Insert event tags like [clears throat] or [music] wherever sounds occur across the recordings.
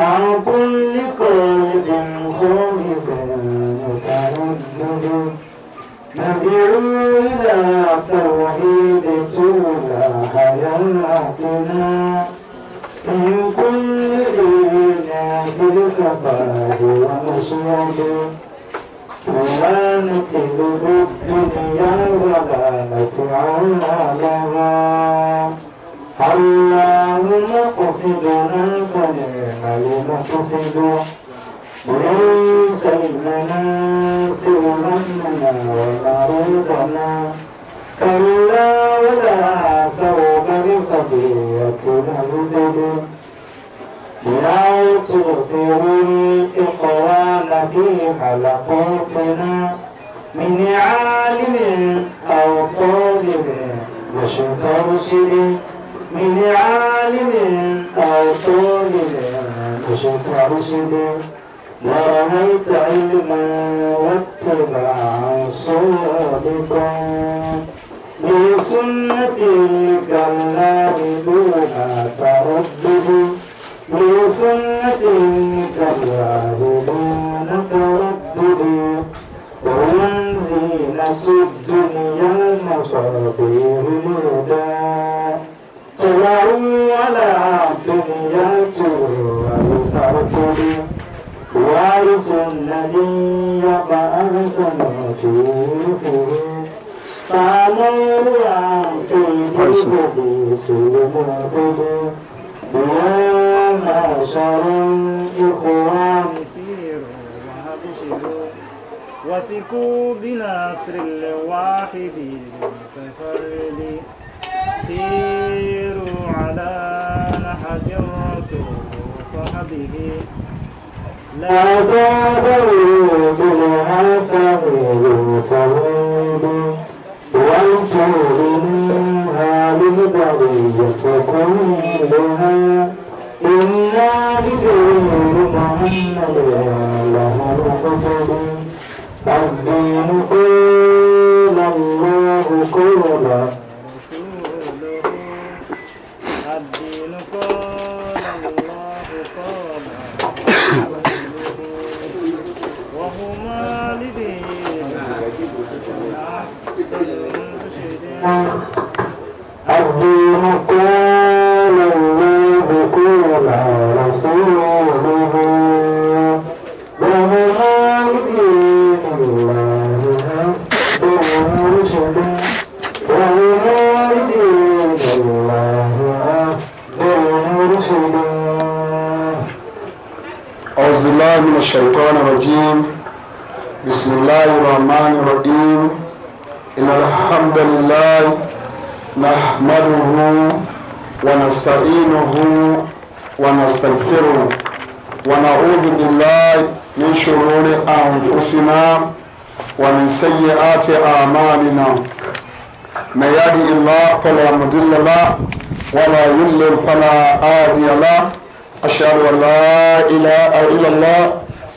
عن كل قلب هو متردد ندعو إلى توحيد تولى حياتنا من كل إيمان بالكفاء ومشهد ولا نتلو الدنيا ولا نسعى لها فالله مقصد من فنعم المقصد ليس المناصر همنا ومريضنا كلا ولا سوف بقضيتنا نبتدي لا تبصر الإقرار في حلقاتنا من عالم أو طالب مش مرشد من عالم أو طالب رشد رشد ورأيت علما واتبع صادقا بسنة الكلام دون تردد بسنة الكلام دون تردد ومن زينة الدنيا المصابيح الهدى سواء ولا فنيات والفرقد وارث النبي فأرسل في فعليه عقيده سلمه يا معشر الإخوان وسكوا بنصر الواحد المتفرد سير على أحد رسول صحبه لا تغيروا منها فغيروا تغيروا وانشروا منها للبرية كلها إنا بدين محمد له مقتدي الشيطان الرجيم بسم الله الرحمن الرحيم إن الحمد لله نحمده ونستعينه ونستغفره ونعوذ بالله من شرور أنفسنا ومن سيئات أعمالنا ما يهده الله فلا مضل له ولا يضلل فلا هادي له أشهد أن لا إله إلا الله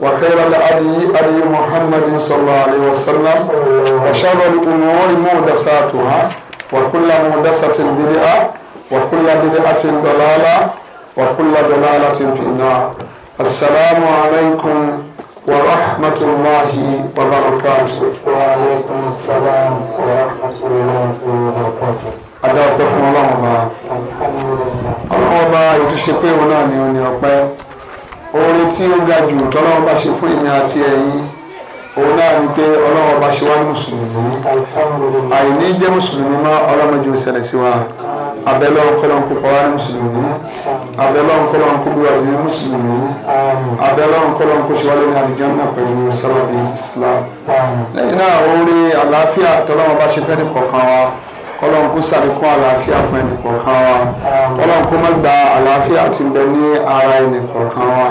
وخير الهدي هدي محمد صلى الله عليه وسلم وشر الامور محدثاتها وكل محدثه بدعه وكل بدعه ضلاله وكل ضلاله في النار السلام عليكم ورحمة الله وبركاته وعليكم السلام ورحمة الله وبركاته adáwọ̀ pẹ́ fún ọlọ́run ọba ọlọ́run ọba ètò ṣe oore tí ó ga jù tọ́lọ́wọ́ bá ṣe fún èmi àti ẹ̀yin òun náà ni pé ọlọ́wọ́ bá ṣe wá ní mùsùlùmí àìní jẹ́ mùsùlùmí mọ́ ọlọ́mọdé ìṣẹ̀lẹ̀ sí wa abẹ́lẹ́ ọ̀kọ́lọ́n kó pọ̀ wá ní mùsùlùmí abẹ́lẹ́ ọ̀kọ́lọ́n kó bí ní mùsùlùmí abẹ́lẹ́ ọ̀kọ́lọ́n kó ṣe wá lórí àlùjánnà pẹ̀lú sábàbí Islam lẹ́yìn náà oore àlàáfíà tọ́lọ́wọ́ bá ṣe fẹ́ ní kọ̀ọ̀kan wa kọlọ́n kó sàlékún àlàáfíà fún ẹnì kọ̀ọ̀kan wa kọlọ́n kó má gba àlàáfíà ti bẹ ní ara ẹnì kọ̀ọ̀kan wa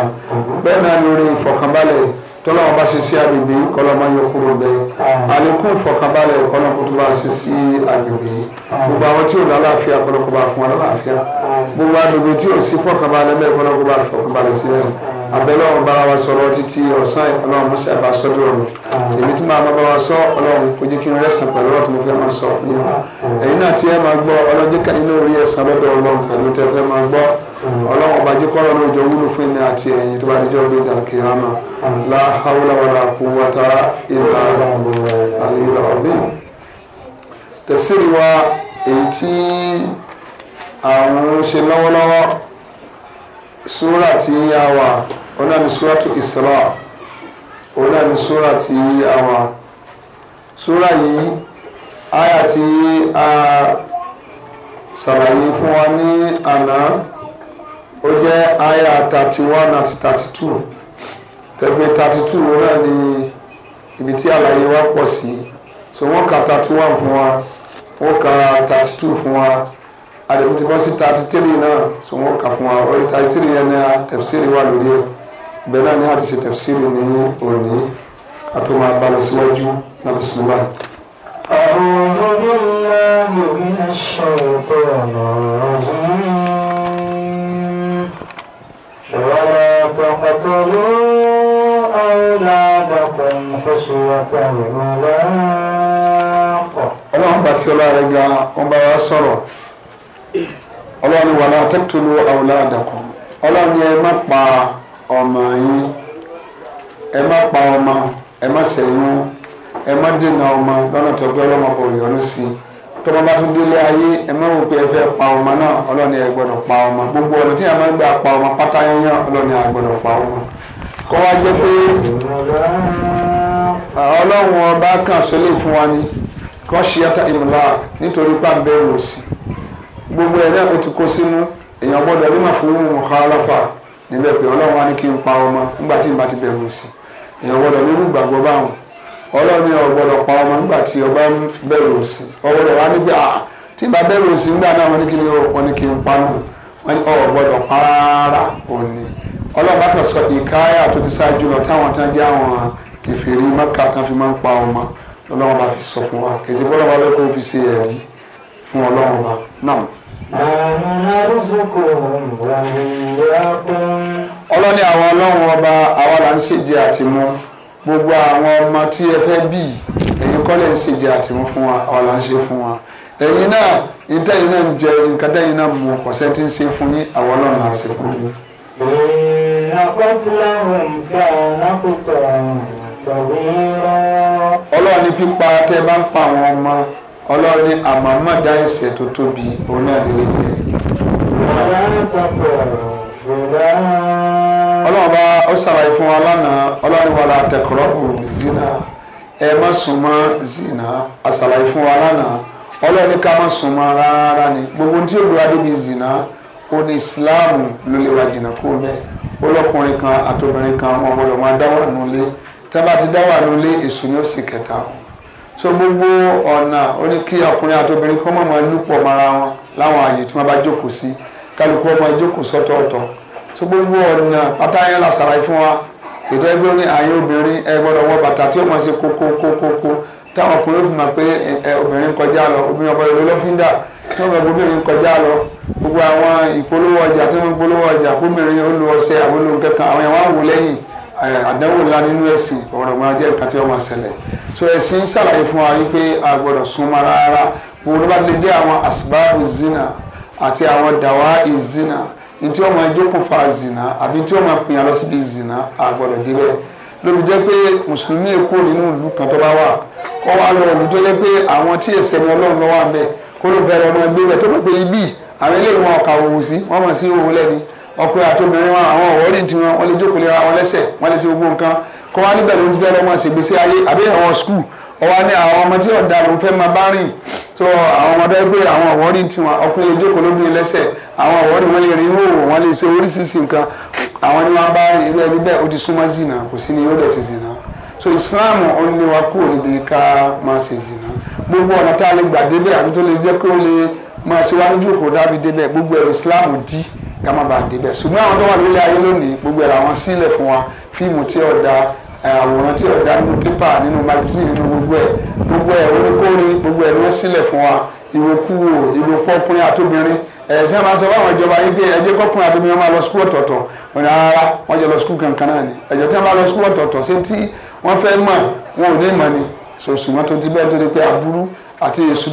bẹ́ẹ̀ náà lórí ìfọ̀kànbalẹ̀ tọ́lọ́wọ́n bá ṣe sí agbègbè kọlọ́mọ yóò kúrò bẹ́ẹ̀ àlékún ìfọ̀kànbalẹ̀ kọlọ́mọ tó bá ṣe sí agbègbè gbogbo àwọn tí ò ní àlàáfíà kọlọ́kọ̀ bá fún wa lálàáfíà gbogbo àdògbò tí ò sí fọ̀kànbalẹ̀ bẹ́ẹ̀ kọlọ́kọ̀ bá fọ̀kànbalẹ̀ sílẹ̀ abẹ́lọ́run bá wa sọ̀rọ̀ títí ọ̀sán ọlọ́run mú sí àbásọ́dọ̀ ọ̀run èmi tí màá bá wa sọ ọlọ́run kò jẹ́ kí n rẹ́sàn pẹ̀lú ọ̀rọ̀ tí mo fẹ́ máa sọ ní wa ẹ̀yin náà tí ẹ máa gbọ́ ọlọ́jẹ́ ká inú orí ẹ̀sán lọ́dọ̀ ọlọ́run pẹ̀lú tẹ́ fẹ́ máa gbọ́ ọlọ́run ọba jẹ́kọ́rọ̀ náà jọ wúlò fún mi àti ẹ̀yin tó bá di gbé dàkì hàmà la hawla wala quwwata illa al-aliyyil azim tafsiri wa èyí tí àwọn ṣe Sura tí a wà ọ̀nà ni súrà tó Isra ọ̀nà ni súrà tí a wà súrà yìí àyà tí a ṣàlàyé fún wa ní àná ó jẹ́ àyà thirty one àti thirty two tẹ̀gbẹ́ thirty two ọ̀nà ni ibi tí àlàyé wa pọ̀ sí so wọ́n ka thirty one fún wa wọ́n ka thirty two fún wa àdìmú ti bọ́ sí thirty three náà so wọ́n kà fún wa orí thirty three yẹn náà tẹ̀fsíìrì wà lórí ẹ̀ ni a ti ṣe tẹ̀fsíìrì ní òní àti máa bá lọ síwájú náà bisimilá. أعوذ بالله من الشيطان ọlọ́run rẹ̀ ga wọ́n bá wa sọ̀rọ̀. ọlọ́run wà na taqtulu awladakum ọlọ́run yẹn ẹ má pa ọmọ yín ẹ má pa ọmọ ẹ má sẹ́yìn ẹ má dènà ọmọ lọ́nà tó gbé ọlọ́mọ kò yọnu sí i tọ́mọ bá tún náà gbọ́dọ̀ pa gbogbo ọ̀nà tí a máa ń gbà pa ọmọ pátá yányán ọlọ́run gbọ́dọ̀ pa ọmọ wá jẹ́ pé ọlọ́run ọba kan sọ gbogbo ẹ̀ náà ó ti kó sínú èèyàn gbọ́dọ̀ ní màá fún un ọ̀hálàfà níbẹ̀ pé ọlọ́run wa ní kí n pa ọmọ nígbà tí n bá ti bẹ̀rù sí èèyàn gbọ́dọ̀ nínú ìgbàgbọ́ báwọn ọlọ́run ni ọ̀gbọ́dọ̀ pa ọmọ nígbà tí ọba ń bẹ̀rù sí ọgbọ́dọ̀ wa ní pé à tí n bá bẹ̀rù sí nígbà náà wọ́n ní kí n wọ́n ní kí n pa nù wọ́n ní ọ̀gbọ́dọ̀ pa fún ọlọ́run náà nahnu narzuquhum wa iyyakum. ọlọ́ni àwọn ọlọ́run ọba àwa là ń ṣèjì àtìmú gbogbo àwọn ọmọ tí ẹ fẹ́ bí ẹ̀yin kọ́lẹ̀ ń ṣèjì àtìmú fún wa àwa là ń ṣe fún wa ẹ̀yin náà ìtẹ̀yìn náà ń jẹ nǹkan tẹ̀yìn náà mú ọ̀sẹ̀ tí ń ṣe fún yín àwọn ọlọ́run là ṣe fún yín. ọlọ́run ní pípa tẹ́ bá ń pa àwọn ọmọ ọlọ́run ní àmàmà dá ẹ̀ṣẹ̀ tó tóbi òun náà lè tẹ. ọlọ́run bá ó ṣàlàyé fún wa lánàá ọlọ́run wàlá tẹkọ̀rọ́bù zina ẹ má súnmọ́ zina àṣàlàyé fún wa lánàá ọlọ́run ní ká má súnmọ́ rárá ni gbogbo tí olùwà débi zina ó ní ìsìláàmù ló lè wá jìnnà kó bẹ́ẹ̀ olókùnrin kan àtobìnrin kan wọn gbọdọ̀ máa dáwà nulẹ̀ tẹ́ ti dáwà nulẹ̀ èṣù ni ó sì kẹta so gbogbo ọ̀nà ó ní kí ọkùnrin àti obìnrin kọ́ mọ̀ máa lúpọ̀ mara wọn láwọn àyè tí wọ́n bá jókòó sí kálukú ọmọ ìjókòó sọ́tọ̀ọ̀tọ̀ so gbogbo ọ̀nà pátáyẹn làṣàrà fún wa ètò ẹgbẹ́ ní àyè obìnrin ẹ gbọ́dọ̀ wọ bàtà tí ó máa ṣe kókókókókó táwọn ọkùnrin fi mọ̀ pé obìnrin kọjá lọ obìnrin ọ̀pọ̀ ìlú lọ́fíńdà tí wọ́n gbọ́ obìnrin kọjá lọ gbogbo àwọn ìpolówó ọjà tí wọ́n polówó ọjà kóbìnrin ó lu àwọn olóhùn àwọn ẹ̀wọ̀n àwò lẹ́yìn àdánwò ńlá nínú ẹ̀sìn ọ̀rọ̀ máa jẹ́ nǹkan tí wọ́n máa ṣẹlẹ̀ so ẹ̀sìn ṣàlàyé fún wa wípé a gbọ́dọ̀ súnmọ́ rárá gbogbo bá lè jẹ́ àwọn asbáàbù zina àti àwọn dàwa ìzina ní tí wọ́n máa jókòó fa zina àbí tí wọ́n máa pìyàn lọ síbi zina a gbọ́dọ̀ débẹ̀ lóbi jẹ́ pé mùsùlùmí èkó nínú ìlú kan tó bá wà kọ́ wa lọ ìlú tó jẹ́ pé àwọn tí èsè wọn ọlọ́run lọ́wọ́ àbẹ̀ kó ló bẹ̀rẹ̀ ọmọ ẹgbẹ́ rẹ̀ tó pè pé ibi àwọn eléyìí wọn ọkà òwò sí wọn mọ̀ sí òwò lẹ́ni ọkùnrin àti obìnrin wọn àwọn ọ̀wọ́rìn tí wọn wọn lè jókòó lera wọn lẹ́sẹ̀ wọn lè ṣe gbogbo nǹkan kó wá níbẹ̀ ló ń fẹ́ lọ́mọ ṣègbésí ayé àbí àwọn skul ọwọ́ ní àwọn ọmọ tí ọ̀dà ló fẹ́ máa bá rìn tó àwọn ọmọdé pé àwọn ọ̀wọ́rìn tí wọn ọkùnrin lè jókòó lóbìnrin lẹ́sẹ̀ àwọn ọ̀wọ́rìn wọn lè rí wòwò wọn lè ṣe oríṣiríṣi nǹkan àwọn ni wọn bá rìn ilé ẹbí bẹ́ẹ̀ ó ti súnmọ́ zina kò sí ni yóò so Islam ó ní wa kúrò níbi ká máa ṣe zina gbogbo ọ̀nà tá a lè gbà débẹ̀ àbí tó lè jẹ́ pé ó lè máa ṣe wá lójú òkò dábì débẹ̀ gbogbo ẹ̀rọ Islam dí ká má bàa débẹ̀ ṣùgbọ́n àwọn tó wà nílé ayé lónìí gbogbo ẹ̀rọ àwọn sílẹ̀ fún wa fíìmù tí ó da àwòrán tí ó da nínú pépà nínú magazine nínú gbogbo ẹ̀ gbogbo ẹ̀ oníkórè gbogbo ẹ̀ ló sílẹ̀ fún wa ìwòkúwò ìlò pọ́pọ́n àtòbìnrin ẹ̀ tí wọ́n bá sọ fáwọn ìjọba yìí bí ẹ̀jẹ̀ pọ́pọ́n àtòbìnrin máa lọ sukú ọ̀tọ̀ọ̀tọ̀ wọn ni rárá wọ́n jọ lọ sukú kankan náà ni ẹ̀jẹ̀ tí wọ́n bá lọ sukú ọ̀tọ̀ọ̀tọ̀ ṣé tí wọ́n fẹ́ mọ̀ wọn ò ní mọ̀ ni sòṣùwọ́n tó ti bẹ́ẹ̀ tó ti pé aburú àti èṣù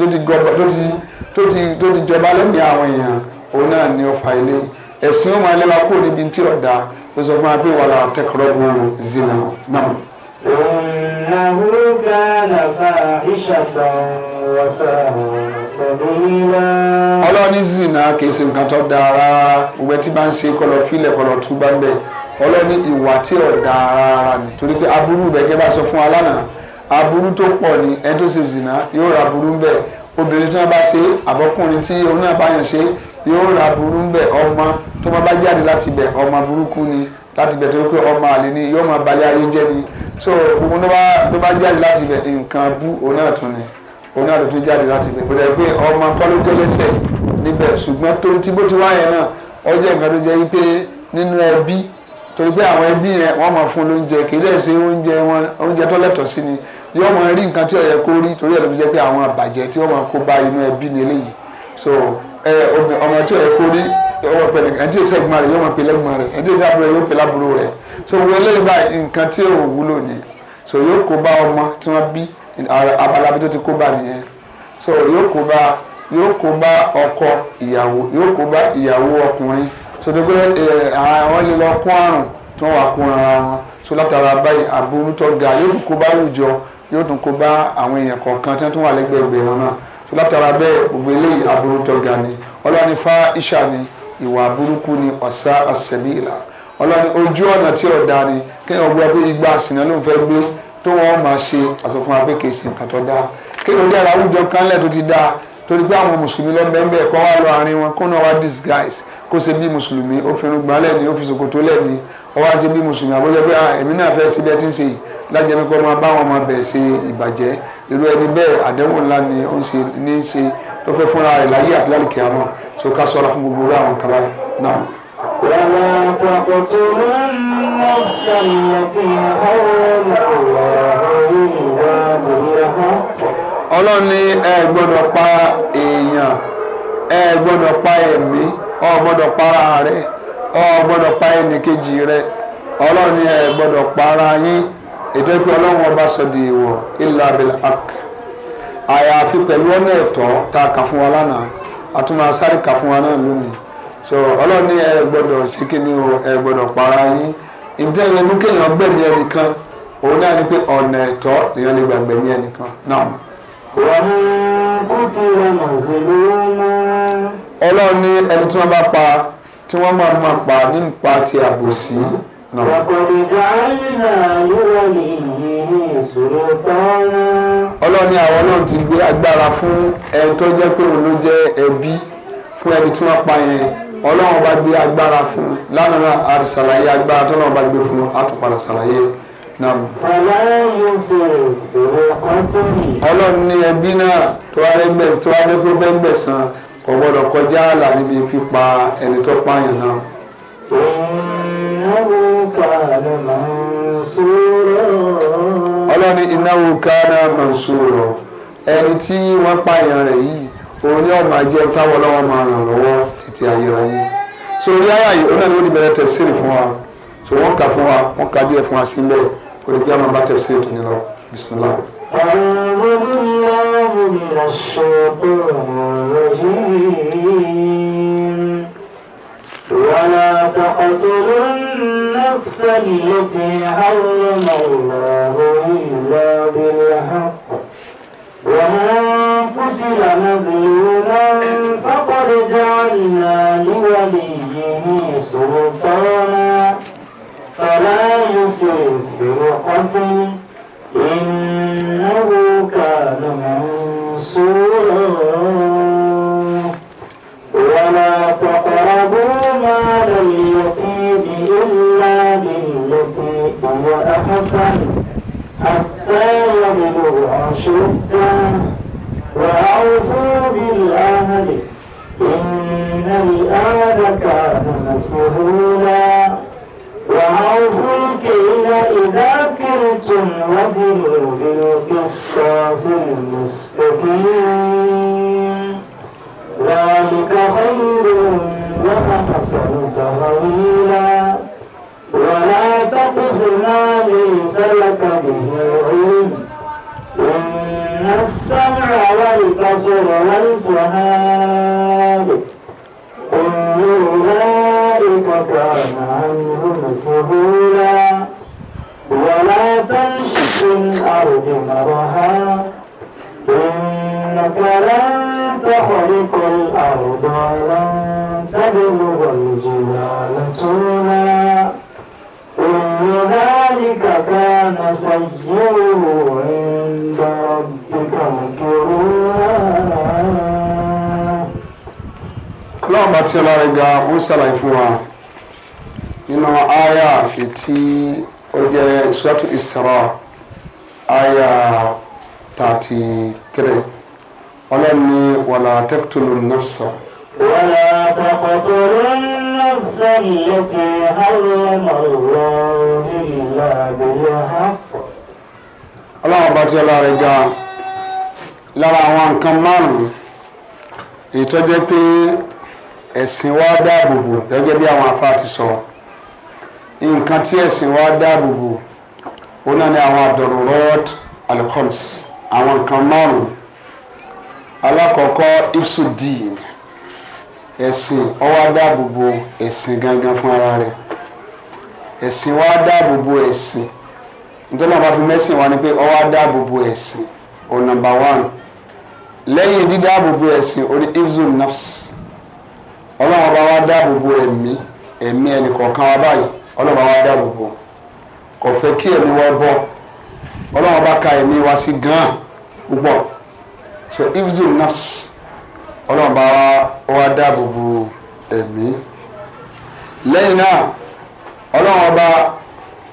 tó ti jọba lẹ́mìí àwọn èèyàn òun náà ni ó fa ilé ẹ̀sìn ó máa wa kúrò níbi tí ọ̀dà ó sọ fún wa pé wàhálà tẹkọrọ zina náà. إنه كان فاحشة وساء سبيلا. ọlọ́ni zina kì í ṣe nǹkan tó dáa rárá gbogbo ẹtí bá ń ṣe kọlọ fílẹ̀ kọlọ túbá ń bẹ̀ ọlọ́ni ìwà tí ò rárá ni torí pé aburú bẹ̀ gẹ́gẹ́ bá sọ fún wa aburú tó pọ̀ ni ẹni tó ṣe zina yóò ra aburú ń obìnrin tí wọ́n bá ṣe àbọ̀kùnrin tí òun náà bá yàn ṣe yóò ra burú ń bẹ̀ ọmọ tó máa bá jáde láti bẹ̀ ọmọ burúkú ni láti bẹ̀ tó pé ọmọ àlè ni yóò máa balẹ̀ ayé jẹ́ ni so òun tó bá jáde láti bẹ̀ nǹkan bú òun náà tún ni òun náà ló tún jáde láti bẹ̀ bọ̀dẹ̀ pé ọmọ kọ́ ló jẹ́ lẹ́sẹ̀ níbẹ̀ ṣùgbọ́n tó ti bó ti wá náà ó jẹ́ nǹkan tó jẹ́ wípé nínú ẹbí torí pé àwọn ẹbí yẹn wọ́n máa fún yóò máa rí nǹkan tí ó yẹ kó rí torí ẹ̀ ló fi jẹ́ pé àwọn àbàjẹ́ tí ó máa kó bá inú ẹbí ni eléyìí so ọmọ tí ó yẹ kó rí ọmọ pẹ̀lẹ́ ẹni tí èsì ẹ̀gbọ́n rẹ̀ yóò máa pè lẹ́gbọ́n rẹ̀ ẹni tí èsì yóò pè lábúrò rẹ̀ so wọ́n eléyìí báyìí nǹkan tí ò wúlò ni so yóò kó bá ọmọ tí wọ́n bí abala bí tó ti kó bá nìyẹn so yóò kó bá yóò kó bá ọkọ ìyàwó yóò kó bá ìyàwó ọkùnrin so tó gbé àwọn lè lọ kó àrùn tí wọ́n wà kó ara wọn so látara báyìí àbúrú tó ga yóò kó bá àwùjọ yóò tún kó bá àwọn èèyàn kọ̀ọ̀kan tí wọ́n tún wà lẹ́gbẹ̀ẹ́ obìnrin náà tó látara bẹ́ẹ̀ gbogbo eléyìí aburú tọ́ga ni ọlọ́ni fa iṣà ni ìwà burúkú ni ọ̀sá àṣẹ̀bí ìlà ọlọ́ni ojú ọ̀nà tí ọ̀dà ni kéèyàn gbọ́ pé igba àsìnà ló ń fẹ́ gbé tó wọ́n máa ṣe àsọfún wa nǹkan tó dáa kéèyàn dára àwùjọ kanlẹ̀ tó ti dáa torí pé àwọn mùsùlùmí lọ́bẹ̀ẹ́bẹ̀ kọ́ wá lọ àárín wọn kó wá disguise kó ṣe bí mùsùlùmí ó fi irun gbálẹ̀ ni ó fi ṣòkòtò lẹ̀ ni ó wá ṣe bí mùsùlùmí àbójọ pé ah, èmi náà fẹ́ síbẹ̀ tí ń ṣe yìí lájẹ́ pé kó máa bá wọn máa bẹ̀ ṣe ìbàjẹ́ irú ẹni bẹ́ẹ̀ àdéhùn ńlá ni ó ń ṣe ní í ṣe tó fẹ́ fúnra rẹ̀ láyé àti lálùkì àmọ́ tó ká sọ́ra fún gbogbo àwọn kaba náà. ولا تقتلوا النفس التي حرم الله إلا بالحق ọlọ́run ní ẹ gbọ́dọ̀ pa èèyàn ẹ gbọ́dọ̀ pa ẹ̀mí ọ gbọ́dọ̀ para rẹ ọ gbọ́dọ̀ pa ẹnìkejì rẹ ọlọ́run ní ẹ gbọ́dọ̀ para yín ètò ìpè ọlọ́run ọba sọ di ìwọ illa bil haqq àyàfi pẹ̀lú ọ̀nà ẹ̀tọ́ tá a kà fún wa lánàá àtúmọ̀ kà fún wa so ọlọ́run ní ẹ gbọ́dọ̀ ni o ẹ gbọ́dọ̀ para yín ìdílé ẹnu kéèyàn gbẹ̀mí ẹnìkan òun náà ni pé ọ̀nà ẹ̀tọ́ lèèyàn lè gbà gbẹ̀mí ẹnìkan náà. wọ́n kú ti rọmọ sílùú mọ́. ọlọ́run ní ẹni tí wọ́n bá pa ọlọ́ni àwọn náà ti gbé agbára fún ẹni tó jẹ́ pé òun ló jẹ́ ẹbí fún ẹni tí wọ́n pa yẹn ọlọ́run bá gbé agbára fún lánàá náà a ti ṣàlàyé agbára tó náà bá gbé fún a tún náà. ọlọ́run ní ẹbí náà tó wá rẹ́ gbẹ̀ tó wá rẹ́ pé fẹ́ gbẹ̀sán kò gbọ́dọ̀ kọjá àlà níbi pípa ẹni tó pààyàn náà kana ọlọ́ni innahu kana mansura ẹni tí wọ́n pààyàn rẹ̀ yìí òun ni ọ̀ma jẹ́ táwọn ọlọ́wọ́ máa ràn lọ́wọ́ títí ayérayé so orí ara yìí ọ̀nà ni wọ́n bẹ̀rẹ̀ tẹ̀síìrì fún wa so wọ́n kà fún wa wọ́n kà díẹ̀ fún wa sílẹ̀ olùgbé àwọn bá tẹ̀síìrì tó ní lọ bisimilá. أعوذ بالله من الشيطان الرجيم ولا تقتلوا النفس التي حرم الله إلا بالحق ومن قتل مظلوما فقد جعلنا لوليه سلطانا فلا يسرف في القتل إنه كان منصورا وأحسن حتى يبلغ أشده وأوفوا بالأهل إن الأهل كان مسهولا وأوفوا الكيل إذا كلتم وزنوا بالقسطاس المستقيم ذلك خير وأحسن تأويلا ولا تقف ما ليس لك به علم إن السمع والبصر والفؤاد كل أولئك كان عنه مسؤولا ولا تمش في الأرض مرها إنك لن تحرق الأرض ولن سيئوا عند ربك مكروا ọlọ́run bá tí ọlọ́run ga ó ṣàlàyé fún wa nínú àyà ètí ó jẹ́ ìṣúwàtú Isra àyà thirty three ọlọ́run ní wàlá taqtulu nafsa. wàlá taqtulu nafsa. النفس التي حرم الله إلا بالحق ọlọ́run bá tí ọlọ́run rẹ̀ ga lára àwọn nǹkan márùn-ún èyí tó jẹ́ pé ẹ̀sìn wa dáàbò bò gẹ́gẹ́ bí àwọn afá ti sọ nǹkan tí ẹ̀sìn wa dáàbò bò ó náà ní àwọn àdọ̀rọ̀rọ̀t alcoms àwọn nǹkan márùn-ún alákọ̀ọ́kọ́ ifsudin ẹ̀sìn ó wá ẹ̀sìn gangan fún ara rẹ̀ ẹ̀sìn wa dáàbò ẹ̀sìn nítorí fi mẹ́sìn wa ni pé ó wá ẹ̀sìn ò nàmbà wán lẹ́yìn dídáàbò bo ẹ̀sìn nafs ọlọ́run ọba wa dáàbò ẹ̀mí ẹ̀mí ẹnì kọ̀ọ̀kan wa báyìí ọlọ́run ọba wa kò fẹ́ kí ẹ̀mí ka ẹ̀mí wa sí gan púpọ̀ so nafs. ọlọ́run bá wa wá dáàbò bo ẹ̀mí lẹ́yìn náà ọlọ́run ọba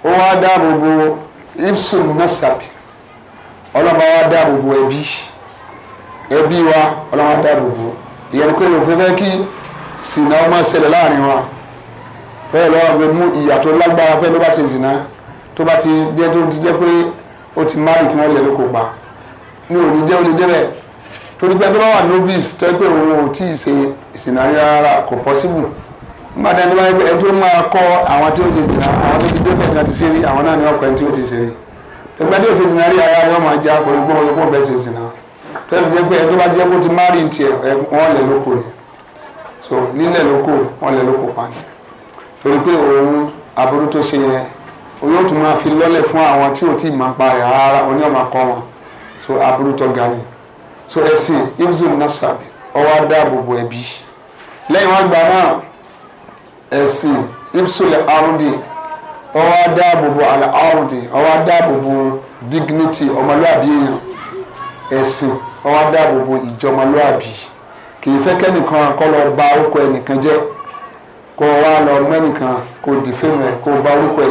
ó wá dáàbò bo ibsun nasabi ọlọ́run bá wa dáàbò bo ẹbí ẹbí wa ọlọ́run bá dáàbò bo ìyẹn ni pé òfin fẹ́ kí sìnà ọmọ ṣẹlẹ̀ láàrin wa bẹ́ẹ̀ lọ́wọ́ bẹ mú ìyà tó lágbára fẹ́ ló bá ṣe zìnà tó bá ti jẹ́ tó ti jẹ́ pé ó ti máàlì kí wọ́n lẹ̀ lóko pa ní òní jẹ́ ó lè débẹ̀ torí pé adébáwá novice tó pé òun ò tí ì ṣe ìsìnàrí rárá kò possible nígbà tí adébáwá yẹ pé ẹjọ́ máa kọ́ àwọn tí ó ti ṣe àwọn tó ti débẹ̀ tí wọ́n ṣe rí àwọn náà ni wọ́n pẹ́ tí ó ti ṣe rí ẹgbẹ́ tí ó ṣe ìsìnàrí rárá yóò máa já pẹ̀lú gbọ́n yóò bẹ́ẹ̀ ṣe ìsìnà tó yẹ pé ẹjọ́ bá jẹ́ kó ti má rí tiẹ̀ wọ́n lẹ̀ lóko ni so nílẹ̀ lóko wọ́n lẹ̀ lóko pa ni torí pé òun aburú tó ṣe yẹn o yóò tún máa fi lọ́lẹ̀ fún àwọn tí ò tí ì máa pa rẹ̀ rárá oní ọ̀ma kọ́ wọn so aburú tó ga ni so ẹ̀sìn ibzul nasab ọwọ́ adáàbòbò ẹbí lẹ́yìn wọn gbà náà ẹ̀sìn ibzul arudi ọwọ́ adáàbòbò àlẹ́ arudi ọwọ́ adáàbòbò dignity ọmọlúàbí èèyàn ẹ̀sìn ọwọ́ adáàbòbò ìjọmọlúàbí kì í fẹ́ kẹ́nìkan kọ́ lọ bà orúkọ ẹnìkan jẹ́ kó lọ orúkọ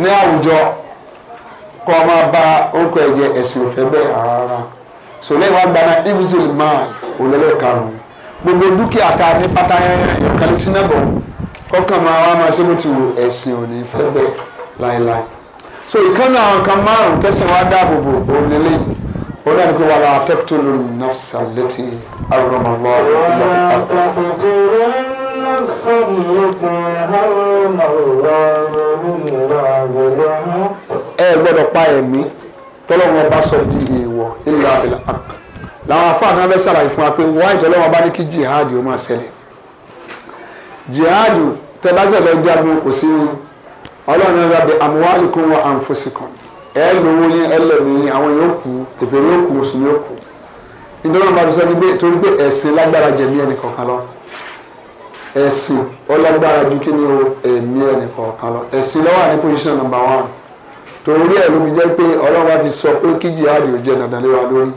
ní àwùjọ orúkọ rárá. sọlẹ́ wa gba náà ibzul mal òlẹ́lẹ́ karùn-ún gbogbo dúkìá ta ní pátá ìkàlẹ́tì náà bọ̀ kọ́kàn máa wá máa ṣe bó ti wò ẹ̀sìn ò ní fẹ́ bẹ́ẹ̀ láéláé so ìkànnì àwọn kan márùn-ún tẹ̀sán wa dáàbò bò òlẹ́lẹ́ yìí ní kí wọ́n la taqtulu nafsa allati harrama Allah illa bil haqq. ẹ gbọ́dọ̀ pa ẹ̀mí tọ́lọ́wọ́n bá sọ di èèwọ̀ ilà àbẹ̀là àk làwọn afáàní abẹ́ sàlàyé fún wa pé wọ́n àìjọ lọ́wọ́ bá ní kí jihad ó máa ṣẹlẹ̀ jihad tẹ́lásẹ̀ lọ jágun kò sí ọlọ́run náà rábẹ̀ amwalikum wa anfusikum ẹ lówó yín ẹlẹ́ni àwọn yóò kú èfèrè yóò kú oṣù yóò kú nítorí wọn bá ti sọ ní pé torí pé ẹ̀sìn lágbára jẹ̀mí ẹnì kọ̀ọ̀kan lọ ẹ̀sìn ó lágbára ju kí ni o ẹ̀mí ẹnì kọ̀ọ̀kan lọ ẹ̀sìn ló wà ní position number one torí ẹ̀ ló fi jẹ́ pé ọlọ́run á fi sọ pé kí jihadi ò jẹ́ dandan lé wa lórí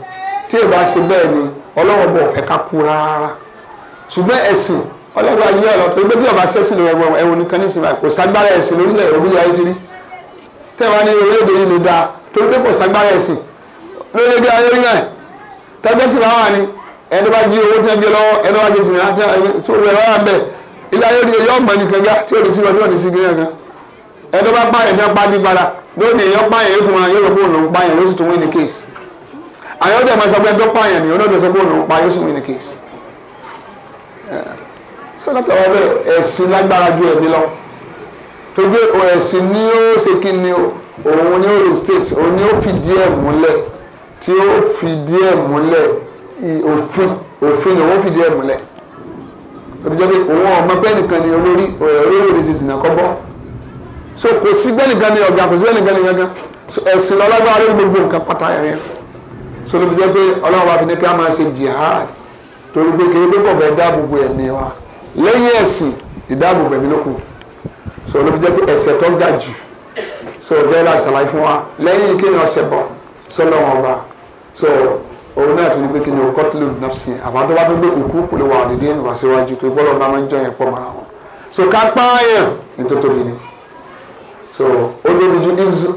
tí ì bá ṣe bẹ́ẹ̀ ni ọlọ́run bọ̀ fẹ́ ká kú rárá ṣùgbọ́n ẹ̀sìn ọlọ́run ayé ọ̀rọ̀ tó gbé bí ọba ṣẹ́sìn lórí ẹ̀wọ̀n ẹ̀wọ̀n nìkan ní ìsìn kò ságbára ẹ̀sìn lórílẹ̀ òbílẹ̀ ayé ti rí tẹ́wà ní orílẹ̀-èdè yìí lè da torí pé kò ságbára ẹ̀sìn lórílẹ̀-èdè ayé rí náà tẹ́gbẹ́sì bá wà ní ẹni bá ẹni tó bá pààyàn fẹ́ pa nígbàlá lónìí èèyàn pààyàn yóò fún wọn yóò rò pé òun lòún pààyàn ló sì tún wí ní kéèsì àyàn ó dẹ̀ máa sọ pé ẹni tó pààyàn ni olóòdò sọ pé òun lòún pààyàn ó sì wí ní kéèsì sọ́dọ̀ tọ́wọ́ bẹ́ẹ̀ ẹ̀sìn lágbára ju ẹ̀mí lọ torí ẹ̀sìn ni ó ṣe kí ni òun ni ó restate òun ni ó fìdí ẹ̀ múlẹ̀ tí ó fìdí ẹ̀ múlẹ̀ òfin òfin ni òun fìdí ẹ̀ múlẹ̀ òun ọmọ bẹ́ẹ̀ nìkan ni olórí olórí òdìsí ìsìnà kọ́ bọ́ so kò sí gbẹ́nìkan ní ọ̀gá kò sí gbẹ́nìkan ní gangan ẹ̀sìn lọ́lọ́gbọ́n alẹ́ gbogbo nǹkan pátá yẹn so ló fi jẹ́ pé ọlọ́run wa fi ní kí a máa ṣe jihad torí pé kí ebi kọ̀ bẹ́ dáàbòbò ẹ̀mí wa lẹ́yìn ẹ̀sìn ìdáàbòbò ẹ̀mí ló kù so ló fi jẹ́ pé ẹ̀ṣẹ̀ tó ga jù so bẹ́ẹ̀ láti ṣàlàyé fún wa lẹ́yìn kí ni ọ̀sẹ̀ bọ̀ sọlọ́run ọba so òun náà tún ní pé kí ni o kọ́tìlù nọ́ọ̀sì àwọn tó bá tó gbé òkú kò lè wà òdìdí ẹ̀ nípa síwájú tó gbọ́dọ̀ bá máa ń jọyìn pọ̀ mọ́ra wọn so ká pààyàn ní tó tóbi ni so ó débi ju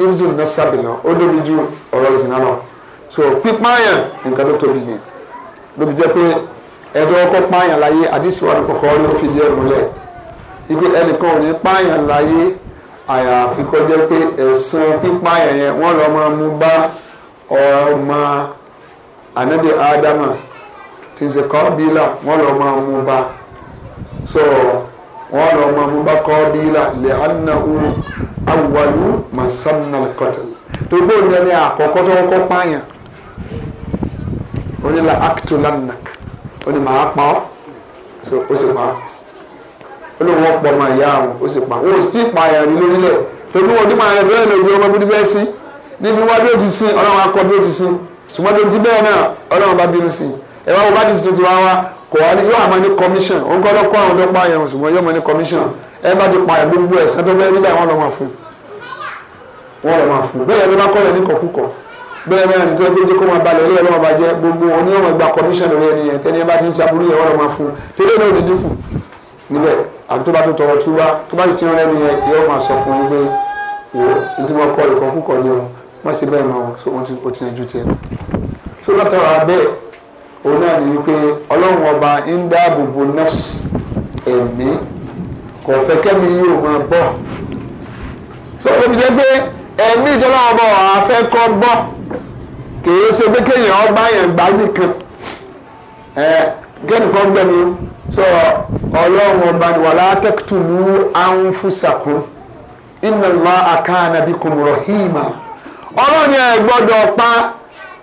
ibzu ní sábì náà ó débi ju ọ̀rọ̀ ìsìnà náà so pípáyàn nǹkan tó tóbi ni lóbi jẹ́ pé ẹ̀dọ́ ọkọ̀ páyàn láyé àdìsíwá ní kọ̀kọ́ ló fi díẹ̀ múlẹ̀ ibi ẹnìkan ò ní páyàn láyé àyàfi kọjá pé ẹ̀sán pípáyàn yẹn wọ́n lọ́ máa mú bá ọmọ anabi adama tí ń ṣe kọ́ bílà wọ́n lọ́ máa mú bá so wọ́n lọ máa mú bá kọ́ dílà lè anahu awalu masamna kọtẹl tó gbóò ní ẹni àkọ́kọ́ tó kọ́kọ́ pààyàn ó ní la acto lanak ó ní màá pa ọ́ so ó sì pa ó lóun wọ́n pọ̀ máa yá àwọn ó sì pa ó sì pààyàn ní lórílẹ̀ tó gbóò ọdún máa rẹ̀ bẹ́ẹ̀ lójú ọmọ bíbí bẹ́ẹ̀ sí níbi wá bí ó ti sin ọlọ́run akọ bí ó ti sin ṣùgbọ́n tó ti bẹ́ẹ̀ náà ọlọ́run bá bínú sí ẹ̀ wá wo bá ti tuntun wá wá kò wá ní yóò àmọ́ ní commission ó ń gbọ́dọ̀ kó àwọn tó pààyàn wọn ṣùgbọ́n yóò mọ ní commission ẹ bá ti pààyàn gbogbo ẹ̀sán tó bẹ́ẹ̀ nígbà wọn lọ máa fún wọn lọ máa fún bẹ́ẹ̀ ló bá kọ́ yẹn ní kọ̀kúkọ̀ bẹ́ẹ̀ bẹ́ẹ̀ nítorí pé jẹ́ kó máa balẹ̀ ilé ọlọ́mọ bá jẹ́ gbogbo òní ọmọ gba commission lórí ẹni yẹn tẹ́ni ẹ bá ti ń saburú yẹn wọ́n lọ máa fún tẹ́lẹ̀ náà ò ní dínkù níbẹ̀ àbí tó bá tó tọrọ tú wá tó bá sì ti rán ẹni yẹn yóò máa sọ fún yín pé wò ó ní tí wọ́n kọ́ ìkọ́kúkọ̀ ni o wọ́n òun náà ní wípé ọlọ́run ọba ń dáàbò bo nọ́ọ̀sì ẹ̀mí kò fẹ́ kẹ́mi yóò máa bọ̀ so ó fi jẹ́ pé ẹ̀mí ìjọba ọba ọ̀hà fẹ́ kọ́ bọ̀ kìí ṣe pé kéèyàn ọgbà yẹn gbà nìkan ẹ gẹ́nì kan gbẹ́mi so ọlọ́run ọba ni wàlá tẹ́kítùlù àǹfùsàkùn ìnàlá àkànnàbíkùn rọ̀hìmà ọlọ́run ẹ̀ gbọ́dọ̀ pa.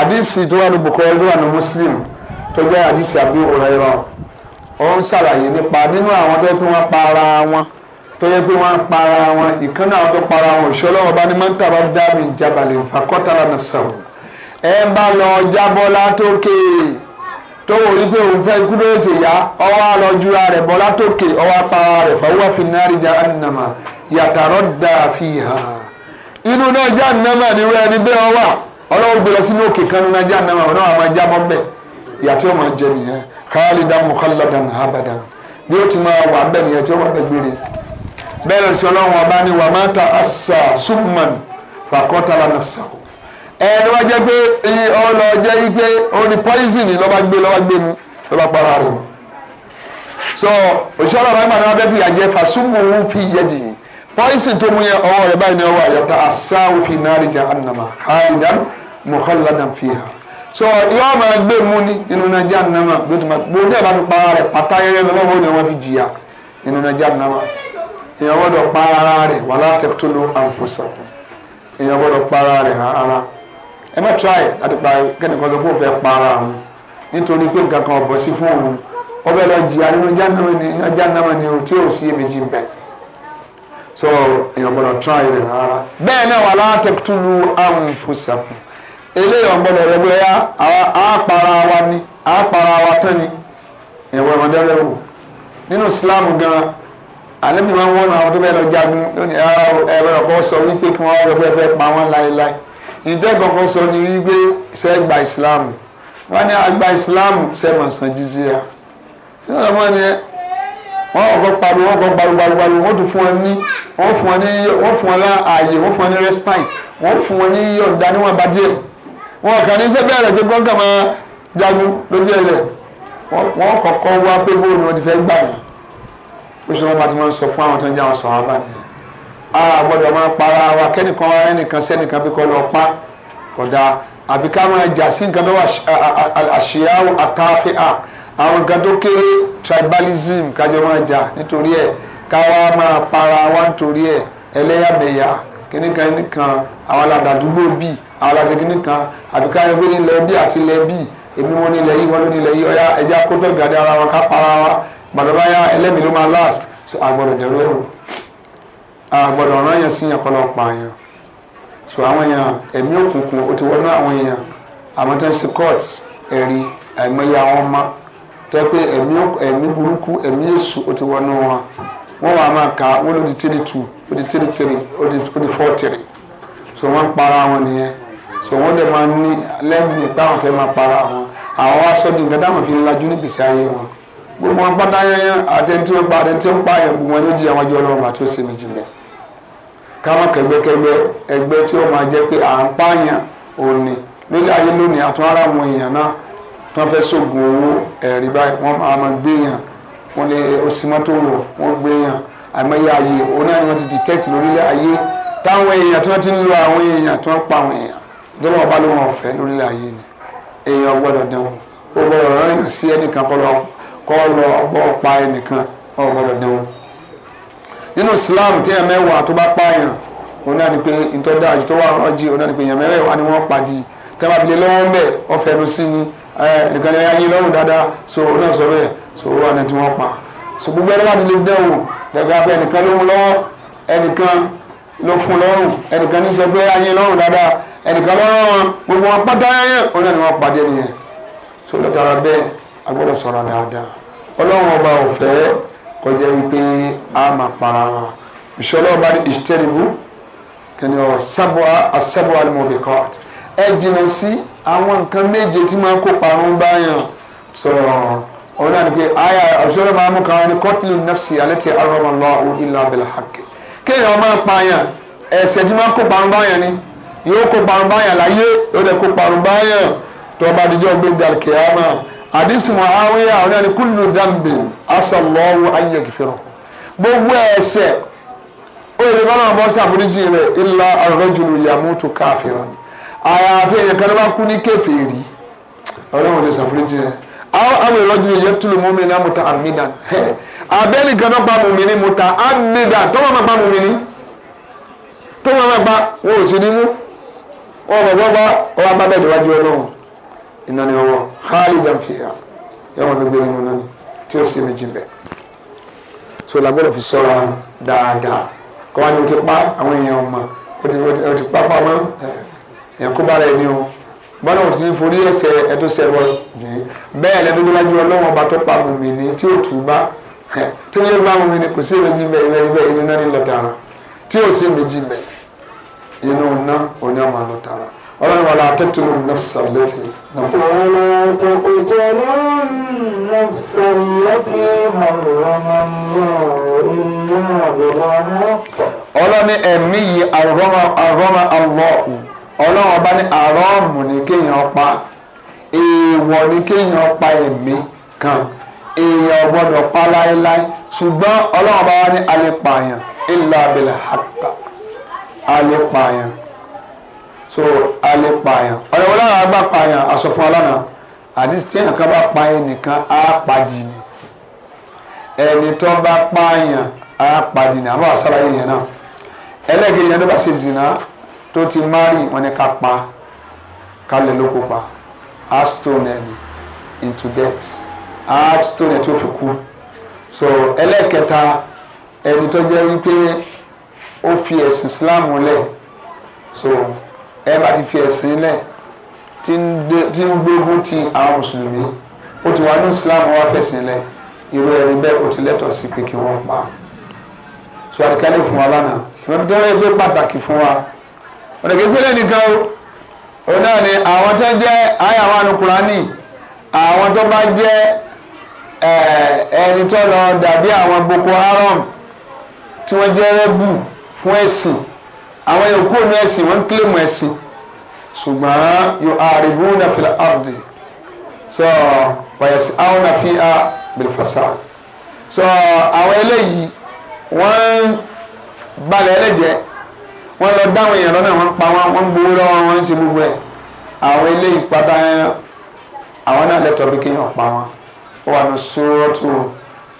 àdìsí tó wà ní Bukhari tó wà ní Muslim tó jẹ́ àdìsí àbí òrẹ́rọ ó ń ṣàlàyé nípa nínú àwọn tó pé wọ́n pa ara wọn tó yẹ pé wọ́n pa ara wọn ìkan náà tó pa ara wọn òṣèlọ́wọ́ bá ní mọ́tà bá dá mi jábàlẹ̀ fàkọ́tàlá nafsahu ẹ bá lọ jábọ́ látòkè tó wò wípé òun fẹ́ ikú ló ti yá ọwọ́ àlọ́jú rẹ̀ bọ́ látòkè ọwọ́ apara rẹ̀ fọwọ́ fi náírà ànàmà yàtàrọ́ dà fi inú náà jẹ́ ànàmà nírú ẹni bẹ́ẹ̀ ọ wà ọlọ́wọ́ gbé lọ sínú òkè kan nínú ajá náà ọ̀nà àwọn ajá bọ́ bẹ́ẹ̀ ìyá tí ó máa jẹ nìyẹn khalidan mukhalladan abadan bí ó ti máa wà bẹ́ẹ̀ nìyẹn tí ó máa bẹ́ẹ̀ gbére bẹ́ẹ̀ lọ sí ọlọ́run ọba ni wà máa ta àṣà sukman fàkọ́tàlá nàfṣà ẹni wá jẹ́ pé ọlọ́ pé orí poison lọ́ba gbé lọ́ba gbé mu lọ́ba para rẹ̀ so òṣìṣẹ́ ọlọ́run ọba ni wọ́n bẹ́ẹ̀ fi yà jẹ́ fàṣùmù poison tó mú yẹn ọwọ́ rẹ̀ báyìí ni ọwọ́ àyàtọ̀ asáwò fi nàárì jahannama hàìdán mọ̀kànládàn fìhà so yọọ máa gbé mu ní nínú náà jahannama bí o tó máa gbóòdì àbá fi pa ara rẹ̀ pátá yẹyẹ ni wọ́n fi jìyà nínú náà jahannama èèyàn gbọ́dọ̀ pa ara rẹ̀ wà látẹ̀tọ́lù àǹfọ̀sàkùn èèyàn gbọ́dọ̀ pa ara ẹ má tíráyè láti pa kẹ́nìkan sọ pé òun fẹ́ pa ara nítorí pé nǹkan kan ọ̀bọ̀ sí fún òun ọbẹ̀ lọ jìyà nínú jahannama ni o tí ò sí èméjì bẹ́ẹ̀ so èèyàn gbọ́dọ̀ try rẹ̀ rárá. bẹ́ẹ̀ náà wà látẹ̀kùtùlù àmfùsàkùn eléyìí ọ̀gbọ́dọ̀ rẹ̀ bóyá àpara wa ni àpara wa tán ni èèyàn gbọ́dọ̀ ọmọdé rẹ̀ wò nínú Islam gan alẹ́bí máa ń wọ́n àwọn tó bẹ́ẹ̀ lọ jagun lónìí ara ẹ̀rọ ọ̀kọ́ sọ wípé kí wọ́n lọ fẹ́ẹ́ pa wọ́n láéláé ìdẹ́ kọ̀ọ̀kan sọ ni wípé ṣe é gba Islam wọ́n ní àgbà Islam ṣe é mọ̀ sàn jíjí wọ́n kọ́kọ́ pariwo wọ́n kọ́kọ́ gbarugbarugbaru wọ́n tún fún wọn ní wọ́n fún wọn ní wọ́n fún wọn lá ààyè wọ́n fún wọn ní respite wọ́n fún wọn ní yọ̀ǹda níwọ̀n bá díẹ̀ wọ́n kàn ní sẹ́bẹ̀ rẹ̀ pé gbọ́ngà máa jagun lójú ẹsẹ̀ wọ́n kọ́kọ́ wá pé bóun ni wọ́n ti fẹ́ gbà yìí oṣù tó bá ti máa ń sọ fún àwọn tó ń jẹ́ àwọn sọ̀rọ̀ abáyé a gbọ́dọ̀ máa para wa kẹ́nìkan wa ẹnìkan sẹ́nìkan bí kò lọ pa kódà àbí ká máa jà sí nǹkan tó wà àṣìyá àtàfíà àwọn nǹkan tó kéré tribalism kájọ máa jà nítorí ẹ̀ káwa máa para wa nítorí ẹ̀ ẹlẹ́yàmẹ̀yà kìnìkan nìkan àwọn aládàdúgbò bíi àwọn aláṣẹ kìnìkan àbíká ẹgbẹ́ nílẹ̀ bíi àti ilẹ̀ bíi èmi mo nílẹ̀ yìí wọ́n ló nílẹ̀ yìí ọ̀yá ẹja kótó gàdé ara wa ká para wa gbàdúrà ẹlẹ́mìí ló máa last so àgbọ̀dọ̀ dẹ̀rọ ẹ̀rù àgbọ̀dọ̀ ọ̀ràn yẹn sí yẹn so àwọn èèyàn ẹ̀mí òkùnkùn ó ti wọnú àwọn èèyàn àmọ́ tó court ẹ̀rí àìmọye àwọn ọmọ tó pé ẹ̀mí burúkú ẹ̀mí esu ó ti wọnú wọn wọ́n wàá máa ka wọ́n ló di tiri two ó di three three so wọ́n ń para nìyẹn so wọ́n ma máa ní lẹ́mìí táwọn fẹ́ ma para wọn àwọn wá sọ fi gbogbo gbogbo di à ń òní lórí ayé tí wọ́n fẹ́ sógun owó ẹ̀rí báyìí wọ́n máa ma gbé yàn wọ́n lè oṣù mọ́tò wò wọ́n gbé àmọ́yé ayé òun náà ni wọ́n ti detect lórílẹ̀ ayé táwọn èèyàn tí wọ́n ti ń lo àwọn èèyàn tí wọ́n pa àwọn èèyàn ìjọba ọba ló wọn ọ̀fẹ́ lórílẹ̀ ayé ni èèyàn gbọ́dọ̀ dẹ̀wọ̀n ó gbọ́dọ̀ rán sí ẹnìkan kọ́ lọ kọ́ lọ ọgbọ́ pa ẹnìkan ó gbọ́dọ̀ dẹ̀wọ̀n. nínú Islam tí èèyàn mẹ́wàá tó bá pààyàn òun náà ni pé ìtọ́jú àjò tó wà rọ́jì òun náà ni pé èèyàn mẹ́wàá ni wọ́n pàdé tẹ́ ẹnìkan ní ayé lọ́rùn dáadáa so òun náà sọ bẹ́ẹ̀ so ó wà ní tí wọ́n pa so gbogbo ẹni láti lè dẹ́ wò lẹ́gbẹ́ abẹ́ ẹnìkan ló mú lọ́wọ́ ẹnìkan ló fún lọ́rùn ẹnìkan ní sọ pé ayé lọ́rùn dáadáa ẹnìkan lọ́rọ̀ wọn gbogbo wọn pátá ayé òun náà ni wọ́n pàdé nìyẹn so lọ́tara bẹ́ẹ̀ a gbọ́dọ̀ sọ̀rọ̀ dáadáa ọlọ́run ọba ò kọjá wípé a máa para wọn ìṣọlọ́ọ̀bá ní ìṣtẹ́rìbù ẹ jìnnà sí àwọn nǹkan méje tí máa kó ka báyàn sọ̀rọ̀ ọ̀rọ̀ náà ni pé àyà ọ̀ṣọ́rọ̀ máa mú kan ní kọ́tìlù nẹ́fṣì alẹ́ ti arọ́mọ lọ òun ìlà abẹ́lẹ̀ hàkè kéèyàn máa pààyàn ẹ̀ṣẹ̀ tí máa ni yóò kó parun báyàn láyé yóò dẹ̀ kó parun tó gbogbo náà bọ́ sí àforíjì rẹ̀ ilà àyàfi ẹ̀yẹ kan bá kú ní kèfèrí ọlọ́run lè ṣàforíjì rẹ̀ àwọn àwọn ìrọ́jú yẹ tulu mú mi náà muta amidan abẹ́ni kan náà pa mùmíní muta amidan tó máa pa mùmíní tó máa pa wọn ò sí ní mú wọn bọ̀ bọ́ bá wọn bá bẹ́ẹ̀ níwájú ọlọ́run iná ni hali khalidan fiha yọmọ gbogbo ẹni wọn ni tí ó sì méjì bẹ́ẹ̀ so làgbọ́dọ̀ fi sọ́ra dáadáa kọ́ wa ni o ti pa àwọn èèyàn ọmọ o ti pa pamọ́ ẹ̀kúbára ẹni o bọ́lá ò ti ní forí ẹsẹ̀ ẹ̀tọ́ sẹ́wọ́ jì í bẹ́ẹ̀ lẹ́nu gbọ́lájú ọlọ́run tó pa mùmí ni tí ò tù bá tó yẹ bá mùmí ni kò sí èméjì mẹ́ ìrẹ́ ibẹ̀ inú náà ní lọ́tara tí ò sí èméjì mẹ́ inú náà òní ọmọ lọ́tara ọlọ́run wàlá àtẹ́tùnú nọ́fṣà létí. nọ́fṣà létí ọlọ́run ẹ̀mí yìí àrọ́mọ àlọ́ọ̀hún. ọlọ́run ọba ní àrọ́ọ̀mù ní kéèyàn pa èèwọ̀ ní kéèyàn pa ẹ̀mí kan èèyàn gbọ́dọ̀ pa láéláé ṣùgbọ́n ọlọ́run ọba ní alẹ́ pààyàn illa bil so lára pààyàn ọlọ́run àdìsí tí kan bá pa ẹnìkan á pàdì ni ẹni bá pààyàn á pàdì ni àṣàlàyé yẹn náà ẹlẹ́gẹ̀ẹ́ yẹn tó ti márì wọn ni ká pa kálẹ̀ ló kó pa a stone ẹni into death a stone ẹni tó fi kú so ẹlẹ́kẹta ẹni tó jẹ́ wípé ó fi ẹ̀sìn Islam lẹ̀ so ẹ bá ti fi ẹ̀sìn lẹ̀ tí ń gbógun ti àwọn mùsùlùmí ó ti wà ní Islam wá fẹ̀sìn lẹ̀ irú ẹni bẹ́ẹ̀ ó ti lẹ́tọ̀ọ́ sí pé kí wọ́n pa so àdìkálẹ̀ fún wa lánàá sìmẹ́tì tó ń gbé pàtàkì fún wa. So, ọ̀nà kìí sílẹ̀ nìkan o òun ni àwọn tó jẹ́ àyàwọn alukurani àwọn tó bá jẹ́ ẹni tó lọ dàbí àwọn Boko Haram tí wọ́n jẹ́ rẹ́bù fún ẹ̀sìn àwọn yòókù ní ẹ̀sìn wọ́n ń kílèmù ẹ̀sìn ṣùgbọ́n yóò àrìbù náà fi àrùdì so wàyẹ̀sì àwọn náà fi à bìlìfàṣà so àwọn eléyìí wọ́n ń balẹ̀ ẹlẹ́jẹ̀ẹ́ wọ́n lọ dáwọn èèyàn lọ́nà wọ́n pa wọ́n wọ́n gbowó lọ́wọ́ wọ́n ń ṣe gbogbo ẹ̀ àwọn eléyìí pátá àwọn náà lẹ́tọ̀ọ́ bí kéèyàn pa wọ́n ó wà ní sóòtù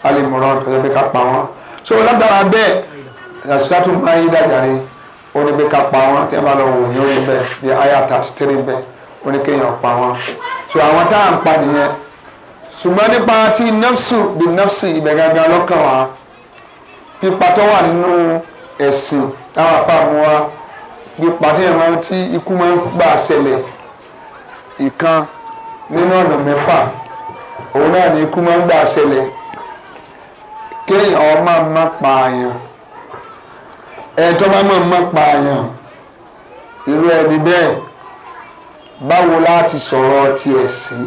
alimọ̀ràn tó yẹ ká pa wọ́n so lágbára bẹ́ẹ̀ àṣìṣàtú máa yí dàjàre ó ní pé ká pa wọ́n tí wọ́n bá lọ wò yín ó bẹ́ẹ̀ bí aya thirty three bẹ́ẹ̀ ó ní kéèyàn pa wọ́n so àwọn tá à ń pa nìyẹn ṣùgbọ́n nípa ti nafsu bí nafsi ibẹ̀ gangan lọ́kàn wa pípa tó wà nínú. No, ẹ̀sìn táwọn afáàmù wa pípa tí yẹn máa tí ikú máa ń gbà ṣẹlẹ̀ ìkan nínú ọ̀nà mẹ́fà òun náà ni ikú máa ń gbà ṣẹlẹ̀ kéèyàn ọmọ máa pààyàn ẹ̀tọ́ bá máa máa pààyàn irú ẹni bẹ́ẹ̀ báwo láti sọ̀rọ̀ tiẹ̀ sí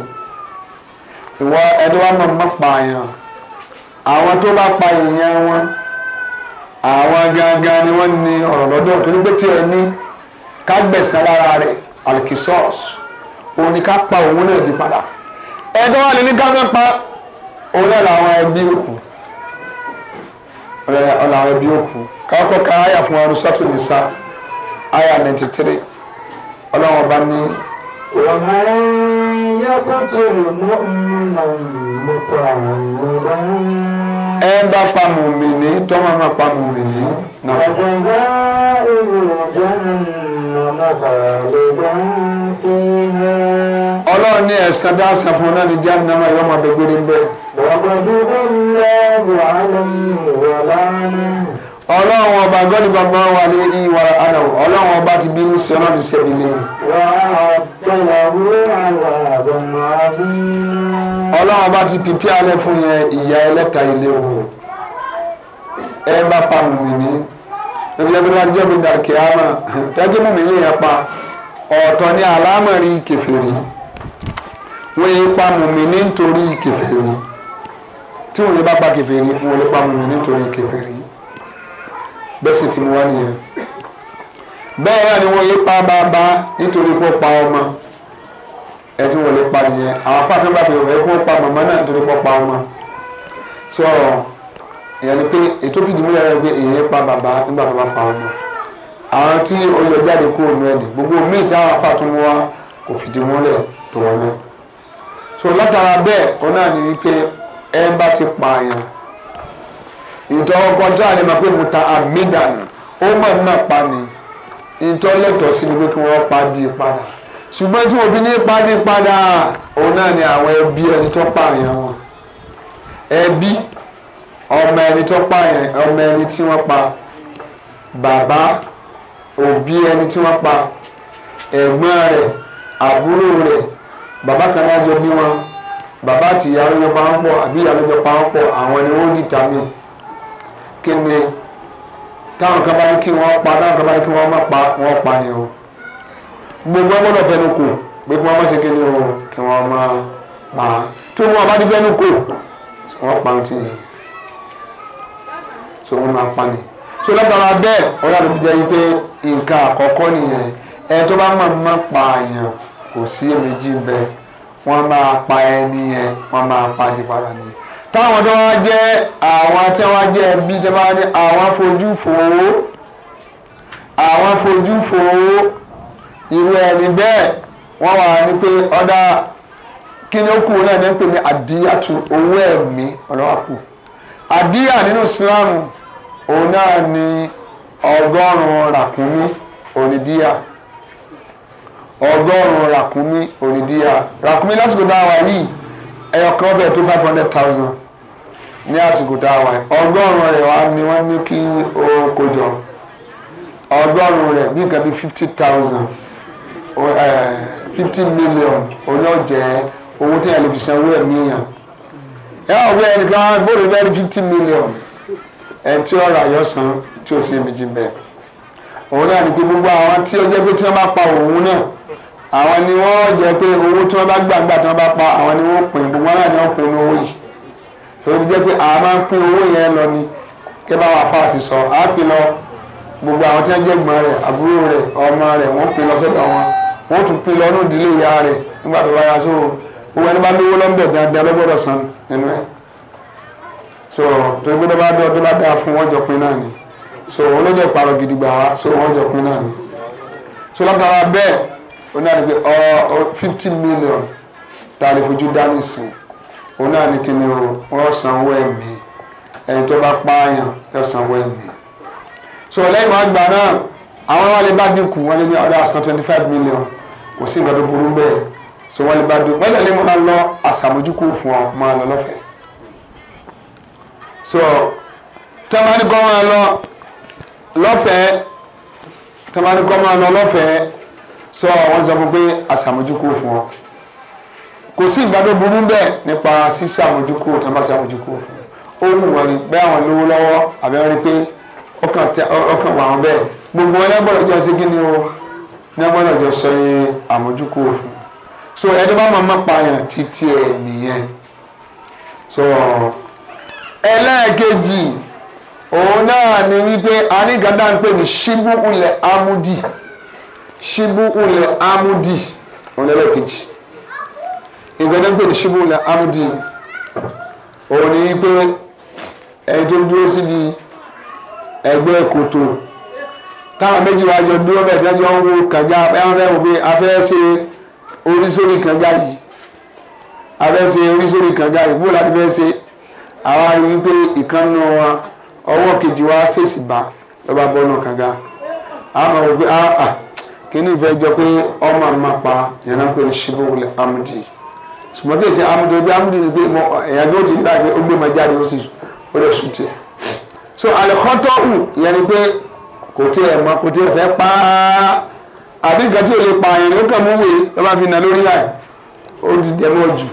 ìwọ ẹni wá máa máa pààyàn àwọn tó bá pa èèyàn wọn. àwọn gangan ni ní ọ̀rọ̀ lọ́dọ̀ tó ní tí ní lára rẹ̀ òun ni ká pa òun náà di padà ẹ̀dọ́ wa lè ní ká mẹ́pa òun náà làwọn ẹbí òkú ẹbí òkú ká àyà fún ọdún yaqtul mu'minan muta'ammidan. ẹ bá pa mùmìnì tó máa ma pa mùmìnì. àjọyọ̀ ìrìnàjò náà khalidan fiha. ọlọ́run ní ẹ̀sán dá san náà ní jáde náà yọ ọmọ abẹ́gbẹ́rẹ́ ń bẹ́ẹ̀. wàá gbọ́dọ̀ bí wọ́n lọ́ọ́ wàhálà yìí wà ọlọ́run ọba gọ́dìbà máa wà ní ìwà àná ọlọ́run ọba ti bínú sí ọlọ́run ti ṣẹ́bi lé. ọlọ́run ọba ti pípí alẹ́ fún yẹn ìyá ẹlẹ́ta ilé o ẹ bá pa mùmí ní ẹbí ẹbí wá jẹ́ mi dàkẹ́ àmà dájú mùmí yìí yẹn pa ọ̀tọ̀ ní àlámọ̀rí kẹfìrí wọ́n yẹ pa mùmí ní nítorí kẹfìrí tí wọ́n yẹ bá pa kẹfìrí wọ́n yẹ pa mùmí nítorí kẹfìrí bẹ́ẹ̀ sì ti mú wá nìyẹn bẹ́ẹ̀ náà ni wọ́n yé pa bàbá nítorí kó pa ọmọ ẹni tí wọ́n lè pa nìyẹn àwọn apá àti bàbá ìwé kó pa màmá náà nítorí kó pa ọmọ so ìyẹn ni pé ètò fìdí múlẹ̀ rẹ̀ pé èyí pa bàbá nígbà tó bá pa ọmọ àwọn tí olùyọ jáde kúrò ní ẹ̀dì gbogbo míì táwọn apá tó mú wá kò fìdí múlẹ̀ tó wọlé so látara bẹ́ẹ̀ ọ náà ni wípé ẹ bá ti pààyàn ìtọ́kọjá ni màá pé mo ta amidan ó mọ̀ ní àpá ni ìtọ́lẹ̀tọ̀ sí ni pé kí wọ́n pa di padà ṣùgbọ́n tí òbí ní pa di padà òun náà ni àwọn ẹbí ẹni tó pààyàn wọn ẹbí ọmọ ẹni tó pààyàn ọmọ ẹni tí wọ́n pa bàbá òbí ẹni tí wọ́n pa ẹ̀gbọ́n rẹ̀ àbúrò rẹ̀ bàbá kan náà jọ bí wọn bàbá àti ìyá ló jọ pa wọn pọ̀ àbí ìyá ló jọ pa wọn pọ̀ àwọn ni wọ́n dìtà míì. kíni táwọn kan bá ní kí wọ́n pa táwọn kan bá ní kí wọ́n má pa pa o gbogbo ẹ gbọ́dọ̀ fẹnu kò pé kí wọ́n má ṣe o kí má pa wọn bá ní fẹnu pa ní tìyẹn so wọ́n máa pa ni so látara bẹ́ẹ̀ ọ̀rẹ́ àdúgbò jẹ́ ipe nǹkan àkọ́kọ́ nìyẹn ẹ tó bá pa kò sí máa pa táwọn tó wá jẹ́ àwọn tí wọ́n jẹ́ ẹbí tí wọ́n ní àwọn fojú fòó àwọn fojú fòó irú ẹni bẹ́ẹ̀ wọ́n wà ní pé ọ̀dà kí ni ó kù náà ní pè ní àdíyàtú owó ẹ̀mí ọlọ́wàkù àdíyà nínú Islam òun náà ni ọgọ́rùn-ún ràkúnmí onídíyà ọgọ́rùn-ún ràkúnmí onídíyà ràkúnmí lásìkò dáhà wáyé ẹ̀yọ̀kan ọbẹ̀ tó five hundred thousand ní àsìkò táwọn ẹ̀ ọgọ́rùn-ún rẹ̀ wá ni wọ́n ní kí ó kójọ ọgọ́rùn-ún rẹ̀ nǹkan bí fifty thousand fifty million olóòjẹ́ owó tí yẹn lè fi sanwó ẹ̀mí èèyàn ẹ ẹnìkan bóde bẹ́ẹ̀ fifty million tí ó rà yọ tí ó sì méjì gbogbo àwọn tí pé pa òun náà àwọn ni wọ́n pé owó tí wọ́n pa àwọn ni gbogbo náà ni wọ́n torí jẹ́ pé a máa ń pín owó yẹn lọ ni kẹ́ bá wà fáà ti sọ á pín lọ gbogbo àwọn tí wọ́n jẹ́ gbọ́n rẹ̀ àbúrò rẹ̀ ọmọ rẹ̀ wọ́n pín lọ sọ́dọ̀ wọn wọ́n tún pín lọ ní ìdílé ìyá rẹ̀ nígbà tó bá yá so owó ẹni bá lówó lọ́nbẹ̀ dáadáa ló gbọ́dọ̀ san nínú ẹ̀ so torí gbọ́dọ̀ bá dọ́ bá dáa fún wọn jọ pín náà ni so wọn ló jẹ́ parọ́ gidi gbà wá so wọn jọ pín náà ni so látara bẹ́ẹ̀ oní àdìgbẹ́ ọ fifty million tá a lè fojú dání sí i òun náà ní kíni o wọ́n sanwó ẹ̀mí ẹni tó bá pààyàn yóò sanwó ẹ̀mí. so lẹ́yìn wọn gbà náà àwọn wọn lè bá dínkù wọn lè ní ọ̀dà àsan twenty five million kò sí ìgbà tó burú bẹ́ẹ̀ so wọn lè bá dínkù wọn lè máa lọ àṣàmójúkú fún ọ máa lọ lọ́fẹ̀ẹ́. so tẹ́wọ́n ní kọ́ máa lọ lọ́fẹ̀ẹ́ tẹ́wọ́n ní kọ́ máa lọ lọ́fẹ̀ẹ́ so wọ́n sọ fún pé àṣàmójúkú fún ọ kò sí ìgbàdo burú bẹ́ẹ̀ nípa sísá àmójúkúrò tí wọ́n bá sí àmójúkúrò fún ó wù wọ́n ni bẹ́ẹ̀ àwọn lówó lọ́wọ́ àbẹ́ wọn rí pé ọkàn wà wọn bẹ́ẹ̀ gbogbo wọn lẹ́gbọ́dọ̀ jọ sí kíni o lẹ́gbọ́dọ̀ jọ sọ yẹn àmójúkúrò fún so ẹni bá máa má pààyàn títí ẹ nìyẹn so ẹlẹ́ẹ̀kejì òun náà ni wípé anígàdá ń pè ní ṣíbú ulẹ̀ amúdì ṣíbú ulẹ̀ amúdì òun lẹ́lẹ́kejì ìgbẹ́dẹ́ ń pè ní ṣíbùlà amúdì òun ni pé ẹni tó dúró síbi ẹgbẹ́ kòtò táwọn méjì wá jọ dúró bẹ́ẹ̀ tí wọ́n wo kànga ẹ̀wọ̀n fẹ́ wò pé a fẹ́ ṣe oríṣiríṣi kànga yìí a fẹ́ ṣe oríṣiríṣi kànga yìí bó láti fẹ́ ṣe àwọn arìnrìn wípé ìkànnì wọn ọwọ́ kejì wa ṣèṣì bá lọ́ba bọ́nù kànga àmọ́ wò pé a ah, ah, ìfẹ́ jọ pé ọmọ àmàpá yẹn náà pé ṣíbù wọlé ṣùgbọ́n kí èsì amúdó bí amúdó ni pé ẹ̀yà bí ó ti gbà pé ó gbé ọmọ jáde ó sì ó lè sùn tiẹ̀ so àlẹ́kọ́tọ́ hù ìyẹn ni pé kò tí ẹ̀ mọ kò tí ẹ̀ fẹ́ pa á àbí nǹkan tí ò lè pa àyàn ló kàn mú wèé ló bá fi nà lórí láì ó ti jẹ mọ́ jù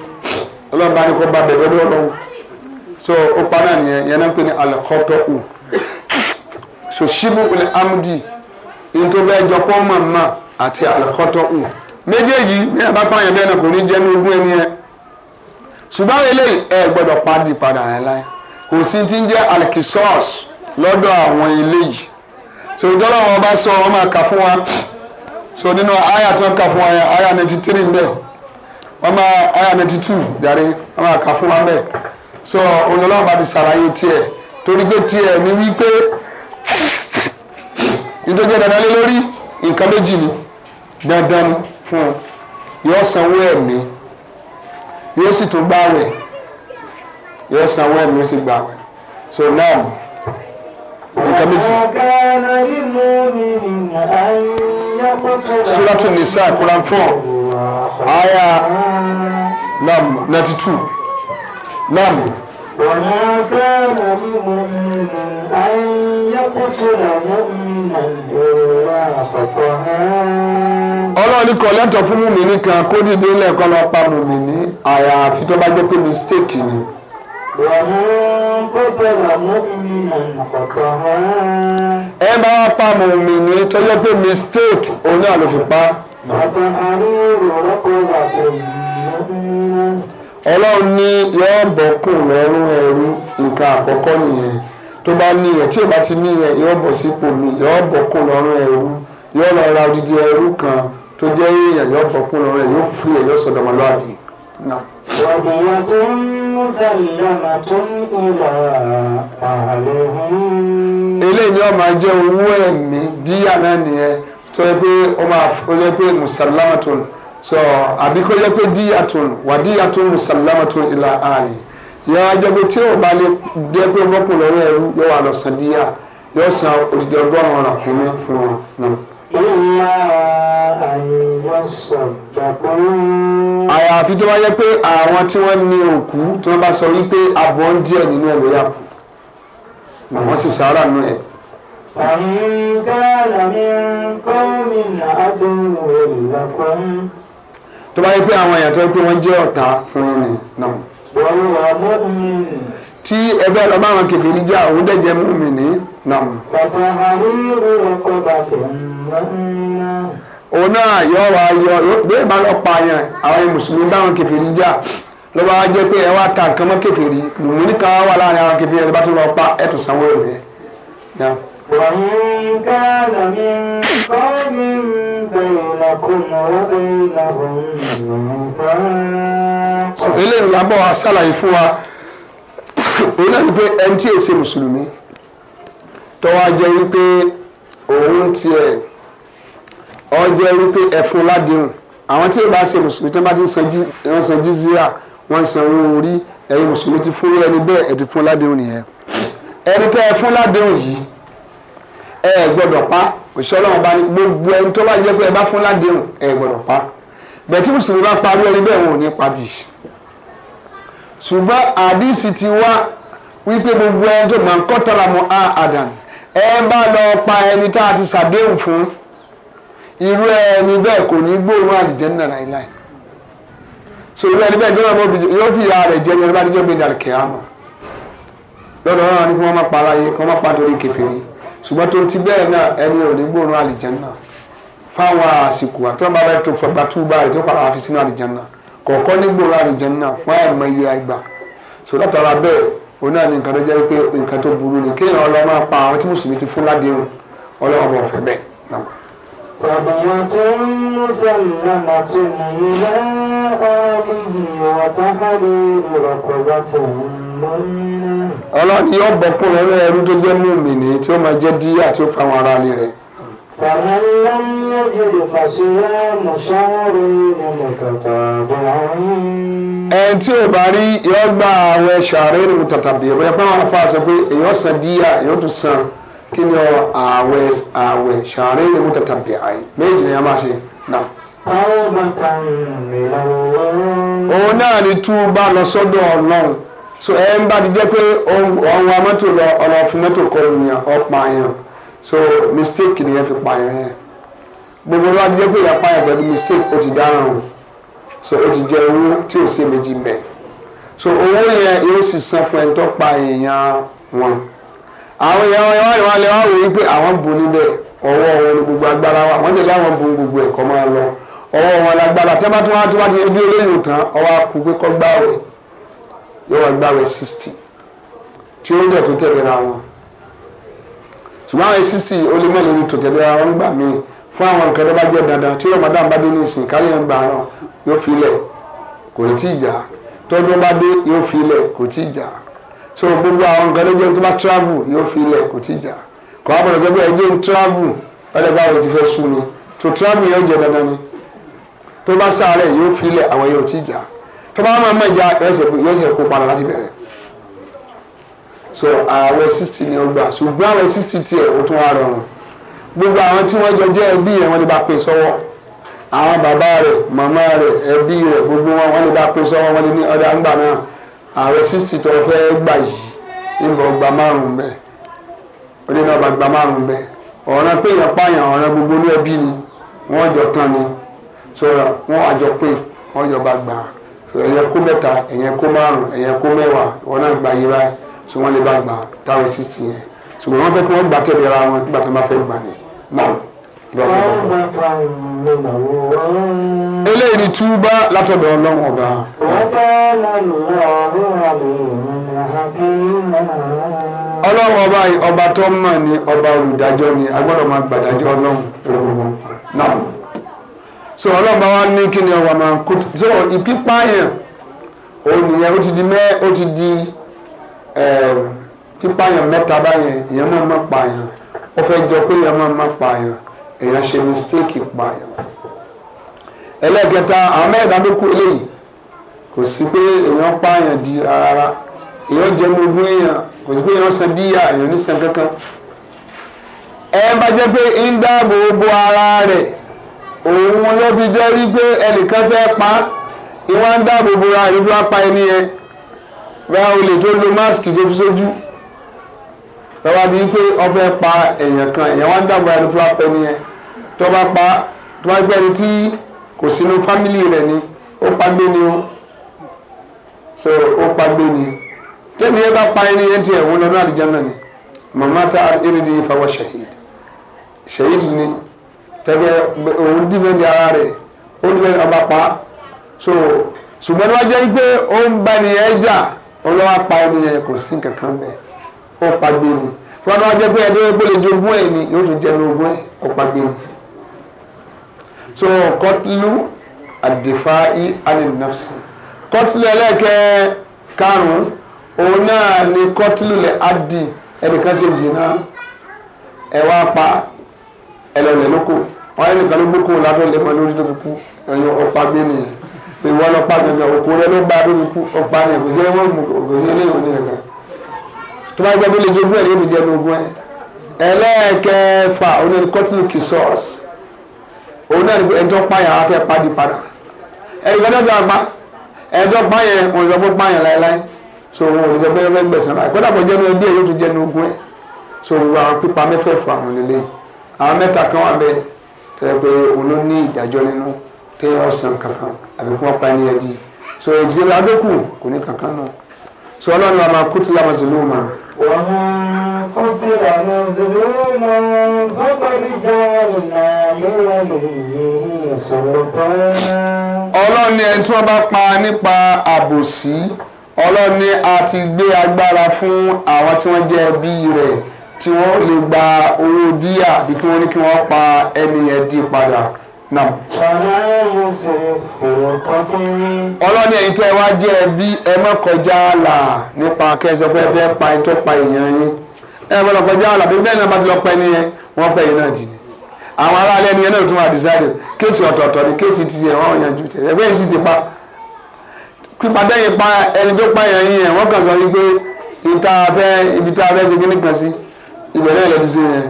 ọlọ́ba ni kò bá bẹ̀rẹ̀ lọ́wọ́ lọ́wọ́ so ó pa náà nìyẹn ìyẹn náà ń pè ní àlẹ́kọ́tọ́ hù so ṣíbù ní amúdì ní tó bẹ́ẹ̀ jọ pọ́ mọ̀ọ́mọ́ àti àlẹ́kọ́tọ́ hù méjèèjì ní ẹ bá pààyàn bí ẹnì kò ní jẹ́ ní ogún ẹni yẹn ṣùgbọ́n eléyìí ẹ gbọ́dọ̀ pàdé padà rẹ láyé kò sí ti ń jẹ́ alikisọ́ọ̀s lọ́dọ̀ àwọn eléyìí so ìjọba wọn bá sọ wọn máa kà fún wa so nínú àyà tó ń kà fún wa yẹn àyà ninety three mbẹ wọn máa àyà ninety two jàre wọn máa kà fún wa mbẹ so olùlọ́wọ́ bá ti ṣàlàyé tiẹ̀ torí pé tiẹ̀ ní wípé ìdójẹ́ dandan lórí nǹkan méjì ni dandan ni fún yóò sanwó ẹ̀mí yóò sì tún gbàwẹ̀ yóò sanwó ẹ̀mí yóò sì gbàwẹ̀ so now nǹkan méjì. Suratu Nisa Quran four aya nam ninety two nam. وما كان لمؤمن أن يقتل مؤمنا إلا خطأ ọlọ́run ní kò lẹ́tọ̀ fún mùmíní kan kó dìde lẹ́ẹ̀kan lọ pa mùmíní àyàfi tó bá jẹ́ pé mistake ni. ẹ bá wá pa mùmíní tó jẹ́ pé mistake òun náà ló fi pa. àtàkàrí rò rọ́pò wà tó ọlọ́run ní yọ̀ọ́ bọ̀ kùn lọ́rùn ẹrú nǹkan àkọ́kọ́ nìyẹn tó bá ní yẹn tí ìbá ti ní yẹn yọ̀ọ́ bọ̀ sípò mi yọ̀ọ́ bọ̀ kùn lọ́rùn ẹrú yọ̀ọ́ lọ ra odidi ẹrú kan tó jẹ́ èèyàn yọ̀ọ́ bọ̀ kùn lọ́rùn ẹ̀ yóò fi ẹ̀ yọ̀ọ́ sọ̀dọ̀ ọmọlúwàbí. wàdìyàtò eléyìí jẹ́ owó ẹ̀mí díyà so àbí kó yẹ pé díyàtún wà díyàtún musalamatun ila Ali. yọ ajẹ́gbé tí ò bá lè jẹ́ pé bọ́pọ̀ lọ́wọ́ ẹ̀rú yóò wà lọ san díyà yóò san òdìdí ọgọ́rùn-ún ọ̀rà fún mi fún wọn náà. ìyá àyẹ̀wò sọ̀dọ̀kọ́. àyàfi tó bá yẹ pé àwọn tí wọ́n ní òkú tí wọ́n bá sọ wípé àbọ̀ ń díẹ̀ nínú ẹ̀ ló yà kú wọ́n sì sáárà nù ẹ̀. àyíká làmì kọ́mìnà àdéhùn ìlàkọ́ni tó bá yẹ pé àwọn èèyàn tó yẹ pé wọ́n jẹ́ ọ̀tá fún yín ni náà. wọ́n wà mọ́mí. tí ẹgbẹ́ lọ bá wọn kèké níjà òun dẹ̀ jẹ́ mọ́mí ni náà. bàtà àríwó ọkọ̀ bàtà náà òun náà yóò wá yọ bẹ́ẹ̀ bá lọ pààyàn àwọn mùsùlùmí báwọn kèfèrí jà lọ́ba wa jẹ́ pé ẹ wá ta nǹkan mọ́ kèfèrí mùmí nìkan wà láàrin àwọn kèfèrí ẹ bá tún lọ pa ẹ̀ tún sanwó rẹ̀ وإن كان من قوم بينكم وبينهم نفاق eléyìí lábọ̀ wa ṣàlàyé fún wa òun náà ni pé ẹni tí èsì mùsùlùmí tó wá jẹ́ wípé òun tiẹ̀ ó jẹ́ wípé ẹ̀fún ládìrún àwọn tí ìbá ṣe mùsùlùmí tó bá ti ń san jizíà wọ́n ń san owó orí ẹ̀yin mùsùlùmí ti fún ẹni bẹ́ẹ̀ ẹ̀dùn nìyẹn ẹni tẹ́ ẹ fún yìí ẹ gbọ́dọ̀ pa òṣìṣẹ́ ọlọ́run bá ní gbogbo ẹni tó bá jẹ́ pé ẹ bá fún ládéhùn ẹ gbọ́dọ̀ pa bẹ̀tí mùsùlùmí bá parí ẹni bẹ́ẹ̀ wọn ò ní padì ṣùgbọ́n àdìsí ti wá wípé gbogbo ẹni tó máa ń kọ́ tọ́ra mọ́ á àdàn ẹ bá lọ pa ẹni tá a ti ṣàdéhùn fún irú ẹni bẹ́ẹ̀ kò ní gbóòórùn àdìjẹ́ náà láìláì so irú ẹni bẹ́ẹ̀ gbọ́dọ̀ yóò fi ìyá rẹ̀ jẹ́ ní ẹni bá ti jẹ́ gbé dàrí kẹ́ àmọ́ lọ́dọ̀ ni kí wọ́n má pa aráyé kí wọ́n má pa torí kẹfìrí ṣùgbọ́n tó ti bẹ́ẹ̀ náà ẹni ò ní gbóòórùn àlìjẹ́nà fáwọn àsìkò àtọ́ bá bá tó fọgbà túbà rẹ̀ tó padà wá fi sínú àlìjẹ́nà kọ̀ọ̀kan ní gbóòórùn àlìjẹ́nà fún àìmọ iye àgbà so látara bẹ́ẹ̀ òun náà ní nǹkan tó jẹ́ pé nǹkan tó burú ni kéèyàn ọlọ́mọ pa àwọn tí mùsùlùmí ti fún ládéhùn ọlọ́mọ bọ̀ fẹ́ bẹ́ẹ̀ náà. ربية مسلمة إلى ọlọ́run yóò bọ̀ kó rẹ̀ ẹrú tó jẹ́ mùmìnì tí ó máa jẹ́ díyà tí ó fa àwọn aráalé rẹ̀. فمن tí ò bá rí gba àwọn ṣàárẹ̀ nínú tàtàbí ẹ̀rọ ẹ̀pẹ́ wọn fa àṣẹ pé èyàn san díyà yóò tún san kí ni ọ àwẹ̀ àwẹ̀ nínú méjì ni a máa ṣe àwọn so ẹ ń bá jẹ́ pé ọ̀hún wa mọ́tò lọ ọ̀nà ọ̀fun mọ́tò kọ́ ènìyàn so mistake ni ẹ fi pa yẹn gbogbo wa jẹ́ pé ìyapa yẹn mistake o ti dáràn so o ti jẹ owó tí o sí méjì mẹ́ so owó yẹn yóò sì san fún ẹni tó pa èèyàn wọn àwọn èèyàn wọn wọn lè wá wòye pé àwọn bù níbẹ̀ ọwọ́ gbogbo agbára wa wọ́n tẹ̀lé àwọn bù gbogbo ẹ̀kọ́ máa lọ ọwọ́ wọn yóò wá gbàwẹ̀ sixty tí ó ń dẹ̀ tó tẹ̀lé ra wọn ṣùgbọ́n àwọn sixty ó lé mẹ́lẹ̀ ní tó tẹ̀lé ra wọn gbà mí fún àwọn nǹkan tó bá jẹ́ dandan tí Ramadan bá dé ní ìsìn káyọ̀ ń gbà náà yóò fi lẹ̀ kò ní tí ì jà tọ́dún bá dé yóò fi lẹ̀ kò tí ì jà so gbogbo àwọn nǹkan tó jẹ́ tó bá travel yóò fi lẹ̀ kò tí ì jà kò wá bọ̀dọ̀ sẹ́gbẹ́ ẹjẹ́ ń travel ọ̀dẹ̀ báwo ti fẹ́ sùn ni tó travel yóò jẹ́ dandan ni tó bá sáré yóò fi lẹ̀ àwọn yóò tí ì jà tó bá máa mọ ìjà ẹsẹ̀ yóò ṣe kó padà láti bẹ̀rẹ̀ so ààrẹ sixty ni ó gbà ṣùgbọ́n ààrẹ sixty tiẹ̀ ó tún wá rọrùn gbogbo àwọn tí wọ́n jọ jẹ́ ẹbí yẹn wọ́n lè bá pè sọ́wọ́ àwọn bàbá rẹ̀ màmá rẹ̀ ẹbí rẹ̀ gbogbo wọn wọ́n lè bá pè sọ́wọ́ wọ́n lè ní ọ̀dà ńgbà náà ààrẹ sixty tó fẹ́ gbà yìí ìbọn gba márùn-ún bẹ́ẹ̀ onídàbà gba márùn-ún bẹ́ẹ̀ pé èèyàn pààyàn ọ̀ràn gbogbo ní ẹbí ni wọ́n jọ tán ni so wọ́n àjọ pé wọ́n jọba gbà á ẹ̀yẹn kó mẹ́ta ẹ̀yẹn kó márùn ẹ̀yẹn kó mẹ́wàá wọn náà gba yé báyìí so wọ́n lè bá gbà táwọn sixty yẹn ṣùgbọ́n wọ́n fẹ́ kí wọ́n gbà tẹ̀lé ara wọn nígbà tó máa fẹ́ gbà ní náà eléyìí ni túbá látọ̀dọ̀ ọlọ́run ọba. ọlọ́run ọba ọba tó mọ̀ ní ọba olùdájọ́ ni a máa gbàdájọ́ ọlọ́run náà so ọlọ́ọ̀bá wa ní kí ni ọwà máa kú so ìpípáyàn òun nìyẹn ó ti di mẹ́ ó ti di pípáyàn mẹ́ta báyẹn èèyàn máa má pààyàn ó fẹ́ jọ pé èèyàn máa má pààyàn èèyàn ṣe mistake pààyàn ẹlẹ́ẹ̀kẹta àwọn mẹ́ta eléyìí kò sí pé èèyàn pààyàn di rárá èèyàn jẹ ogún èèyàn kò sí pé èèyàn san díyà èèyàn ní sàn kankan ẹ bá jẹ́ pé ń dáàbò bo ara rẹ̀ òun ló fi jẹ́ rí pé ẹnìkan fẹ́ pa ìwọ́n ń dáàbò bora ìlú apá ẹni yẹn bẹ́ẹ̀ o lè tó lo máàsì tó fi sójú lọ́wọ́ di pé wọ́n fẹ́ pa èèyàn kan èèyàn wá ń dáàbò bora ìlú apá ẹni yẹn tó bá pa tó bá gbẹ́ni tí kò sínú fámìlì rẹ̀ ni ó pagbé ni ó so ó pagbé ni tẹ́ni yẹn bá pa ẹni yẹn tiẹ̀ wọ́n lọ́dún àdìjẹ́ náà ni màmá ta irin di ìfawọ́ ṣèyí ṣèyí ni. tẹ̀lé òun dì mẹ́ni ara rẹ̀ ó ní mẹ́ni ọba pa so ṣùgbọ́n ní jẹ́ pé ó ń bá jà pa ẹni yẹn kò sí nǹkan kan bẹ́ẹ̀ ó pa ẹni gbọ́dọ̀ ogún ẹ̀ ni yóò tún so kọ́tìlú àdìfá ẹlẹ́kẹ́ karùn-ún òun náà ni lẹ́ ẹnìkan ṣe zina wá ẹlẹ́lẹ̀ ló kù wọ́n yẹn nìkan ló gbókò lábẹ́ lẹ́mọ lórí tó fi kú ẹ̀yin ọ̀pá gbé nìyẹn ìwọ lọ́pàá gbẹ̀gbẹ̀ òkú rẹ ló gba lórí kú ọ̀pá yẹn kò sí ẹ̀ wọ́n mú kò sí ilé ìwòye kan tó bá gbẹ́ tó lè jogún ẹ̀ ní ìdíjẹ́ lógún ẹ̀ ẹlẹ́ẹ̀kẹfà onírin kọ́tìlù kì sọ́ọ̀sì òun náà ni ẹjọ́ pààyàn á fẹ́ pàdé padà ẹ̀yìn kan náà gbà ẹjọ́ pààyàn òun ìjọba pààyàn láéláé so òun ò ní sọ pé ẹ fẹ́ gbẹ̀sán láì kọ́dà bọ́ jẹ́nu ẹbí ẹ̀ yóò tún jẹ́nu ogún ẹ̀ so òun àwọn pípa mẹ́fẹ̀ẹ̀fà òun lélẹ́yìí àwọn mẹ́ta kan wà bẹ́ẹ̀ tó yẹ pé òun ló ní ìdájọ́ nínú téèyàn ọ̀sán kankan àbí kí wọ́n pa ẹni ẹdí so ìdílé ládókù kò ní kankan náà so ọlọ́run wa máa kú tí lámà sí lóòmà. wọ́n kú tí lámà sí lóòmà bọ́kọ̀lì jáwọ́nà lóòmà ìṣòro tán. ọlọ́run ni ẹni tí wọ́n bá pa nípa àbòsí ọlọ́run a ti gbé agbára fún àwọn tí wọ́n jẹ́ ẹbí rẹ̀ tí wọ́n lè gba owó díyà àbí kí wọ́n ní kí wọ́n pa ẹni yẹn dí padà náà. ọlọ́ni ẹ̀yin tẹ́ wá jẹ́ ẹbí ẹ má kọjá ààlà nípa kẹsàn pé ẹ fẹ́ pa ẹ tó pa èèyàn yín ẹ bọ́ lọ kọjá ààlà bí bẹ́ẹ̀ náà bá ti lọ pa ẹni yẹn wọ́n pa èèyàn náà dì àwọn aráàlú ẹni yẹn náà tún wà dísáìdì kéèsì ọ̀tọ̀ọ̀tọ̀ ni kéèsì ti yẹn wọ́n yanjú tẹ̀ ẹgbẹ́ yìí sì ti pa pípadé yẹn pa ẹni tó pa èèyàn yín yẹn wọ́n kàn sọ wípé ibi tá a fẹ́ ṣe kíní kan sí ibẹ̀ náà lọ ti ṣe yẹn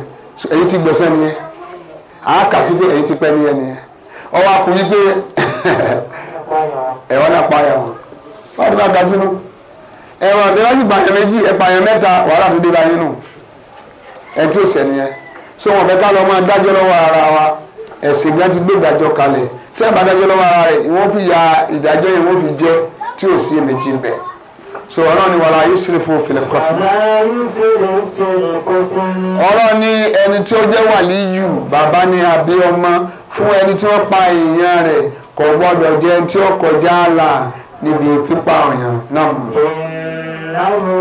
èyí ti gbọ̀nsẹ̀ nìyẹn àá kà sí pé èyí ti pẹ́ nìyẹn nìyẹn ọwọ́ akọ wípé [laughs] ẹ̀wọ́n náà pa ayà wọn wọ́n ti bá ga sínú ẹ̀wọ̀n bí wọ́n ti pààyàn méjì ẹ̀pààyàn mẹ́ta wàhálà tó dé bá yín nù ẹ̀ tí ò sẹ̀ nìyẹn so wọn fẹ́ ká lọ máa dájọ́ lọ́wọ́ ara wa ẹ̀sìn gan ti gbé ìdájọ́ kalẹ̀ tí ẹ̀ bá dájọ́ lọ́wọ́ ara rẹ̀ ìwọ́n so ni wàlá yusrifu fil qatl. wàlá ni ẹni tí ó jẹ́ wàlíyù bàbá ni àbí ọmọ fún ẹni tí wọ́n pa èèyàn rẹ̀ kò gbọ́dọ̀ jẹ́ tí ó kọjá àlà níbi pípa ọ̀yàn náà. ìnáwó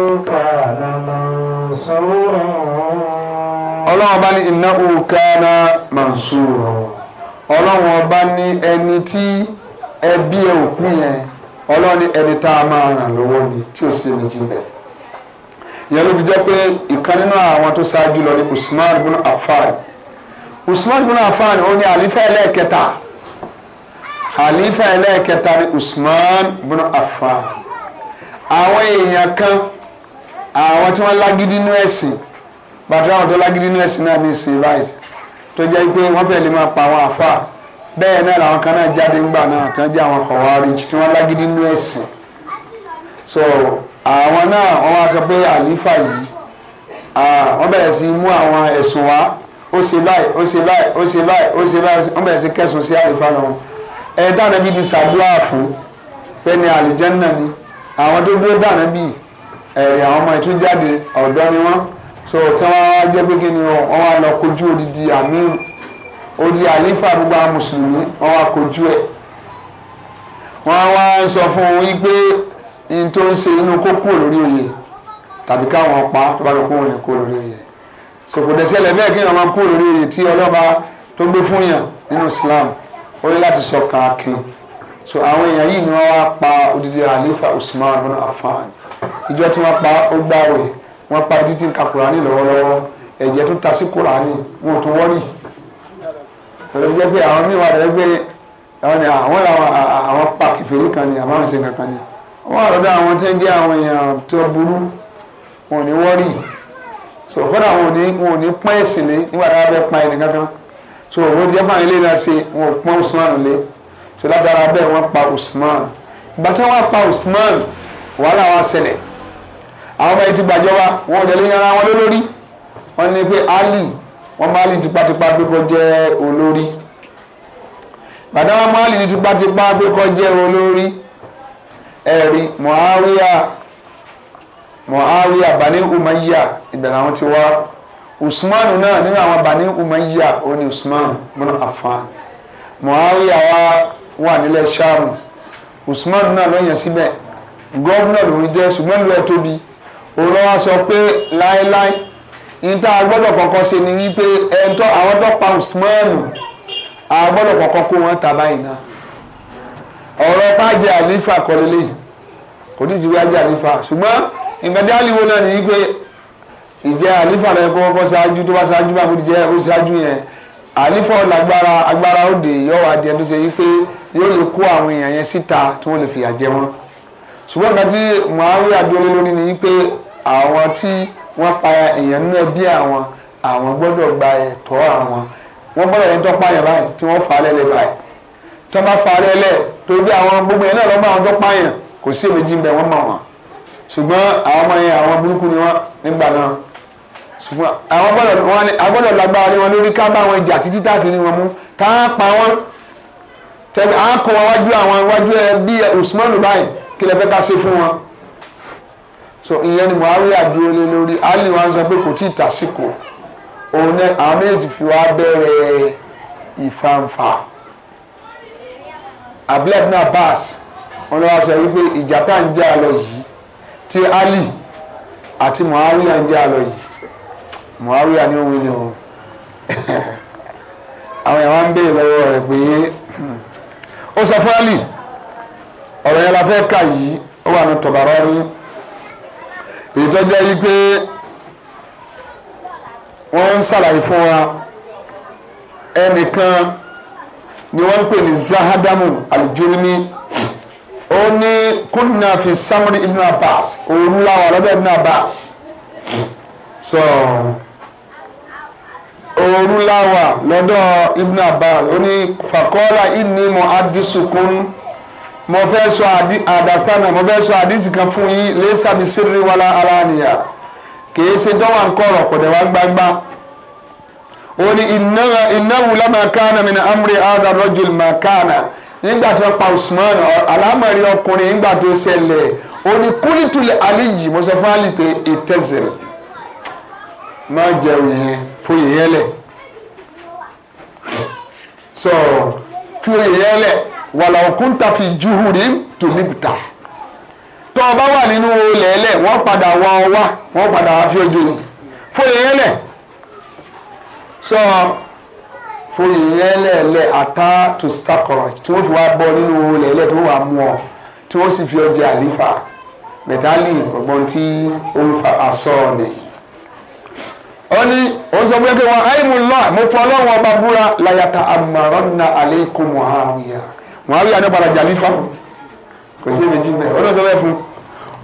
ọlọ́run ọba ní ìnáwó kàná mansura. ọlọ́run ọba ní ẹni tí ẹbí òkú yẹn ọlọ́run ní ẹni tá a máa ràn lọ́wọ́ ni tí ò sí méjì bẹ̀. ìyẹn ló fi jẹ́ pé ìkan nínú àwọn tó ṣáájú lọ ní Usman bin afar Usman bin afar ó ní àlífà ẹlẹ́ẹ̀kẹta àlífà ẹlẹ́ẹ̀kẹta ní Usman bin afar àwọn èèyàn kan àwọn tí wọ́n lágídí inú ẹ̀sìn bàtà àwọn tó lágídí inú ẹ̀sìn náà ní ìsìn right tó jẹ́ pé wọ́n fẹ́ lè máa pa àwọn àfáà bẹ́ẹ̀ náà làwọn kan náà jáde ńgbà náà tán jẹ́ àwọn kọ̀wárìj tí wọ́n lágídí nínú ẹ̀sìn so àwọn náà wọ́n wá sọ pé àlífà yìí wọ́n bẹ̀rẹ̀ sí mú àwọn ẹ̀sùn wá ó ṣe báyìí ó ṣe báyìí ó ṣe báyìí ó ṣe báyìí wọ́n bẹ̀rẹ̀ sí kẹsùn sí àlífà náà ẹ̀ dáná bíi ti ṣàdúrà fún fẹ́ni àlìjẹ́nà ni àwọn tó dúró dáná bíi ẹ̀rì àwọn ọmọ ìtújáde ọ̀dọ́ ni wọ́n so tí wọ́n wá jẹ́ pé kí ni wọ́n wá lọ kojú odidi àmírù ó di àléfà gbogbo àwọn mùsùlùmí wọn wá kojú ẹ̀ wọn wá sọ fún un wípé n tó ń ṣe inú kó kúrò lórí oyè tàbí káwọn pa tó bá lọ kó wọn lè kúrò lórí oyè sòkò dẹsẹlẹ bẹ́ẹ̀ kí wọn máa kúrò lórí oyè tí ọlọ́ba tó gbé fún yàn nínú Islam ó ní láti sọ kàákin so àwọn èèyàn yìí ni wọn wá pa odidi àlefa Usman bin Affan ìjọ tí wọn pa ó gbáwèé wọn pa títí ka Kùránì lọ́wọ́lọ́wọ́ ẹ̀jẹ̀ tó ta sí Kùránì wọn ò tó wọrí tọ́lá jẹ́ pé àwọn míì wà lọ́wọ́ pé àwọn ni àwọn làwọn àwọn pààkì fèrè kan ni àbáwọn ṣe kankan ni wọ́n wà lọ́dọ̀ àwọn tó ń jẹ́ àwọn èèyàn tó burú wọn ò ní wọ́rì so kódà wọn ò ní wọn ò ní pọ́n ẹ̀sìn lé nígbà tá a bẹ́ pa ẹnì kankan so òun jẹ́ fún ilé náà ṣe wọn ò pọ́n Usman lé so látara bẹ́ẹ̀ wọ́n pa Usman ìgbà tí wọ́n pa Usman wàhálà wa ṣẹlẹ̀ àwọn ọmọ yìí ti gbàjọba wọn ò dẹ̀ lé Ali wọ́n mú Ali tipátipá pé kó jẹ́ olórí bàdá wọn mú Ali tipátipá pé kó olórí ẹ̀rí Muawiya Muawiya Bani Umayya ìbẹ̀rẹ̀ àwọn ti wá Usman náà nínú àwọn Bani Umayya òun ni Usman múná Affan Muawiya wa wà nílẹ̀ Ṣáàmù Usman náà lọ́yàn síbẹ̀ gọ́vnà lòun jẹ́ ṣùgbọ́n ìlú ẹ̀ tóbi òun lọ́wọ́ sọ pé láéláé níta gbọ́dọ̀ kọ́kọ́ ṣe ni wípé ẹ̀ńtọ́ àwọn tó pa Usmanu àwọn gbọ́dọ̀ kọ́kọ́ kó wọn ta báyìí náà ọ̀rọ̀ pàjẹ́ àlífà kọ́lélẹ̀ kò ní ìsìwé ajé àlífà ṣùgbọ́n ìgbàdí àlíwò náà ni wípé ìjẹ́ àlífà rẹ̀ kọ́kọ́ ṣáájú tó bá ṣáájú bá kúti jẹ́ ó ṣáájú yẹn àlífà lágbára agbára òde yọ̀wọ̀ adìẹ tó ṣe wípé yóò lè kó àwọn èèyàn yẹn síta tí wọ́n lè fìyà jẹ wọn ṣùgbọ́n ìgbà tí Muawiya ni wípé àwọn tí wọ́n pa èèyàn nínú ẹbí àwọn àwọn gbọ́dọ̀ gba ẹ̀tọ́ àwọn wọ́n gbọ́dọ̀ yẹn tó pààyàn báyìí tí wọ́n fà á lẹ́lẹ̀ báyìí tó bá fà á lẹ́lẹ̀ torí bí àwọn gbogbo yẹn náà lọ́mọ àwọn tó pààyàn kò sí èméjì ńbẹ wọ́n mọ̀ wọ́n ṣùgbọ́n àwọn ọmọ yẹn àwọn burúkú ni wọ́n nígbà náà ṣùgbọ́n àwọn gbọ́dọ̀ wọn ni agbọ́dọ̀ lágbára ni wọn lórí ká bá wọn jà títí táàfin ni wọn mú ká pa wọn tẹ̀lé à ń kọ́ wọn wájú àwọn wájú ẹ bí Usman báyìí kí lè fẹ́ ká ṣe fún wọn so ìyẹn ni muhammed dúró lé lórí ali wa ń sọ pé kò tí ì tàsíkò òun náà àwọn méjì fi wá bẹ̀rẹ̀ ìfàǹfà abdullahi bin abbas wọn lọ wá sọ wípé ìjà tá ń jà lọ yìí ti ali àti muhammed ń jà lọ yìí muhammed ni ó wí o [laughs] àwọn yàrá ń béèrè lọ́wọ́ rẹ̀ pé [clears throat] ó sọ fún ali ọ̀rọ̀ yẹn la fẹ́ kà yìí ó wà ní tọ̀bàrọ̀ rí ìtọ́jọ́ yìí pé wọ́n ń ṣàlàyé fún wa ẹnìkan ni wọ́n ń pè ní zahadamu aljurmi ó ní kúnnà fi samri ibn abbas òun láwọn ọlọ́dọ̀ ibn abbas so òun láwà lọ́dọ̀ ibn abbas ó ní fàkọ́lá ìní mọ́ adisukun mo fẹ́ sọ àdí àdàsánà mo fẹ́ sọ àdísì kan fún yín lẹ́sàbí sírí wàlá aláàníyà kìí ṣe dọ́wà ń kọ̀rọ̀ kò dẹ̀ wá gbangba ó ní ìnáwó lámàkánà mi ní amúre àdà rọ́jò màkánà nígbà tó pa Usman alámọ̀rí ọkùnrin nígbà tó ṣẹlẹ̀ ó ní kúlítùlẹ̀ aliyu mo sọ fún Ali pé má jẹun yẹn fún yìnyẹn lẹ̀ sọ̀rọ̀ fún yìnyẹn wàlà òkun ta fi juhuri tòníbùtà tó o bá wà nínú olè ẹlẹ̀ wọ́n padà wá ọ wá wọ́n padà wá fi ojú nù fòyè yẹn lẹ̀ sọ fòyè yẹn lẹ̀ lẹ̀ ata to stakọrọ tí wọ́n fi wá bọ́ nínú olè ẹlẹ̀ tó wà mú ọ tí wọ́n sì fi ọjà àlífà mẹtálì ọgbọ́n tí ó ń fa aṣọ nìyí ó ní òun sọ pé kí wọn àìmúlọ mo fọ ọba búra láyàtà àmàrọ́nà àlékún Muawiya. Muawiya ní padà jàlífà kò sí èmi jíǹbẹ ọlọ́run sọ bẹ́ẹ̀ fún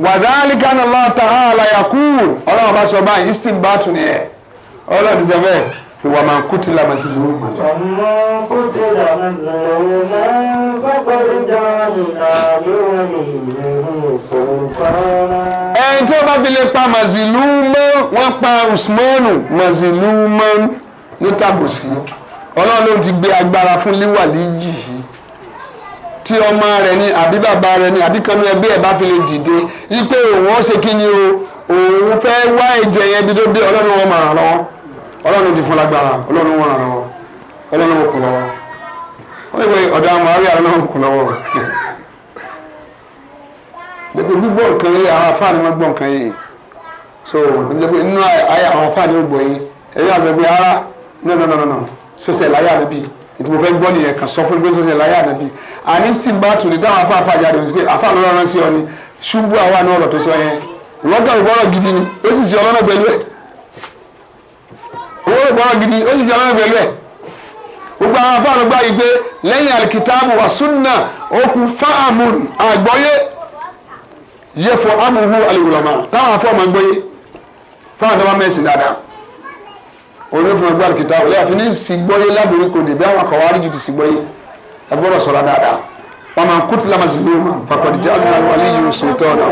wàdálíkà náà lọ́wọ́ ta àlàyé kú ọlọ́run bá sọ báyìí istin bá tún ni ẹ̀ ọlọ́run sọ bẹ́ẹ̀ fi wà máa kúti la màsí lóru mọ̀. ọmọ kúti la màsí lóru mọ̀ fọ́kọ̀rì jáde àlùwẹ̀ ìlú sọ̀rọ̀kọ́rọ́. ẹni tí wọ́n bá fi lè pa màsílù mọ́ wọ́n pa usmanu màsílù ní tàbùsí ọlọ́run ló ti gbé agbára fún líwàlí yìí tí ọmọ rẹ̀ ni àbí bàbá rẹ̀ ni àbí kanú ẹgbẹ́ ẹ̀ bá fi lè dìde wípé òun ó ṣe kí ni o òun fẹ́ wá ẹ̀jẹ̀ yẹn bí tó dé ọlọ́run wọn màrà lọ́wọ́ ọlọ́run ti fún lágbára ọlọ́run wọn ràn lọ́wọ́ ọlọ́run wọn kù lọ́wọ́ wọ́n yẹ ọ̀dọ̀ àwọn àárẹ̀ ọlọ́run kù lọ́wọ́ gbogbo gbígbọ́ nǹkan yìí àwọn afáà ni wọ́n gbọ́ nǹkan yìí so nínú ayé àwọn afáà ni wọ́n gbọ́ yìí ẹ̀yìn àti ẹgbẹ́ ara no no no no sọsẹ̀ láyà níbi ìdìbò fẹ́ gbọ́ nìyẹn kan sọ fún gbé sọsẹ̀ láyà níbi àní stimbatu ní táwọn afá afá jáde òsì pé afá ló rán sí ọ ni ṣubú àwa ní ọ̀rọ̀ tó sọ yẹn lọ́gà ìbọ̀rọ̀ gidi ni ó sì ṣe ọlọ́nà pẹ̀lú ẹ̀ owó ìbọ̀rọ̀ gidi ó sì ṣe ọlọ́nà pẹ̀lú ẹ̀ gbogbo àwọn afá ló yìí pé lẹ́yìn alikitaabu wa sunna okun fáàmù àgbọ́yé yẹ fọ amúhú aliwulama táwọn afọ ọmọ gbọ́yé fáwọn tó bá mẹ́sìn dáadáa òun ló fún ọgbà alikitaabu lẹ́yìn àfi ní sìgbọ́yé lábẹ́rẹ́ kò dé bí àwọn àkọ́wárí ju ti sìgbọ́yé ẹ gbọ́dọ̀ sọ̀rọ̀ dáadáa wọn máa kú tìlá màsí ní ìmọ̀ pàpàdéjà ní àwọn alẹ́ yìí oṣù tó ọ̀dọ̀.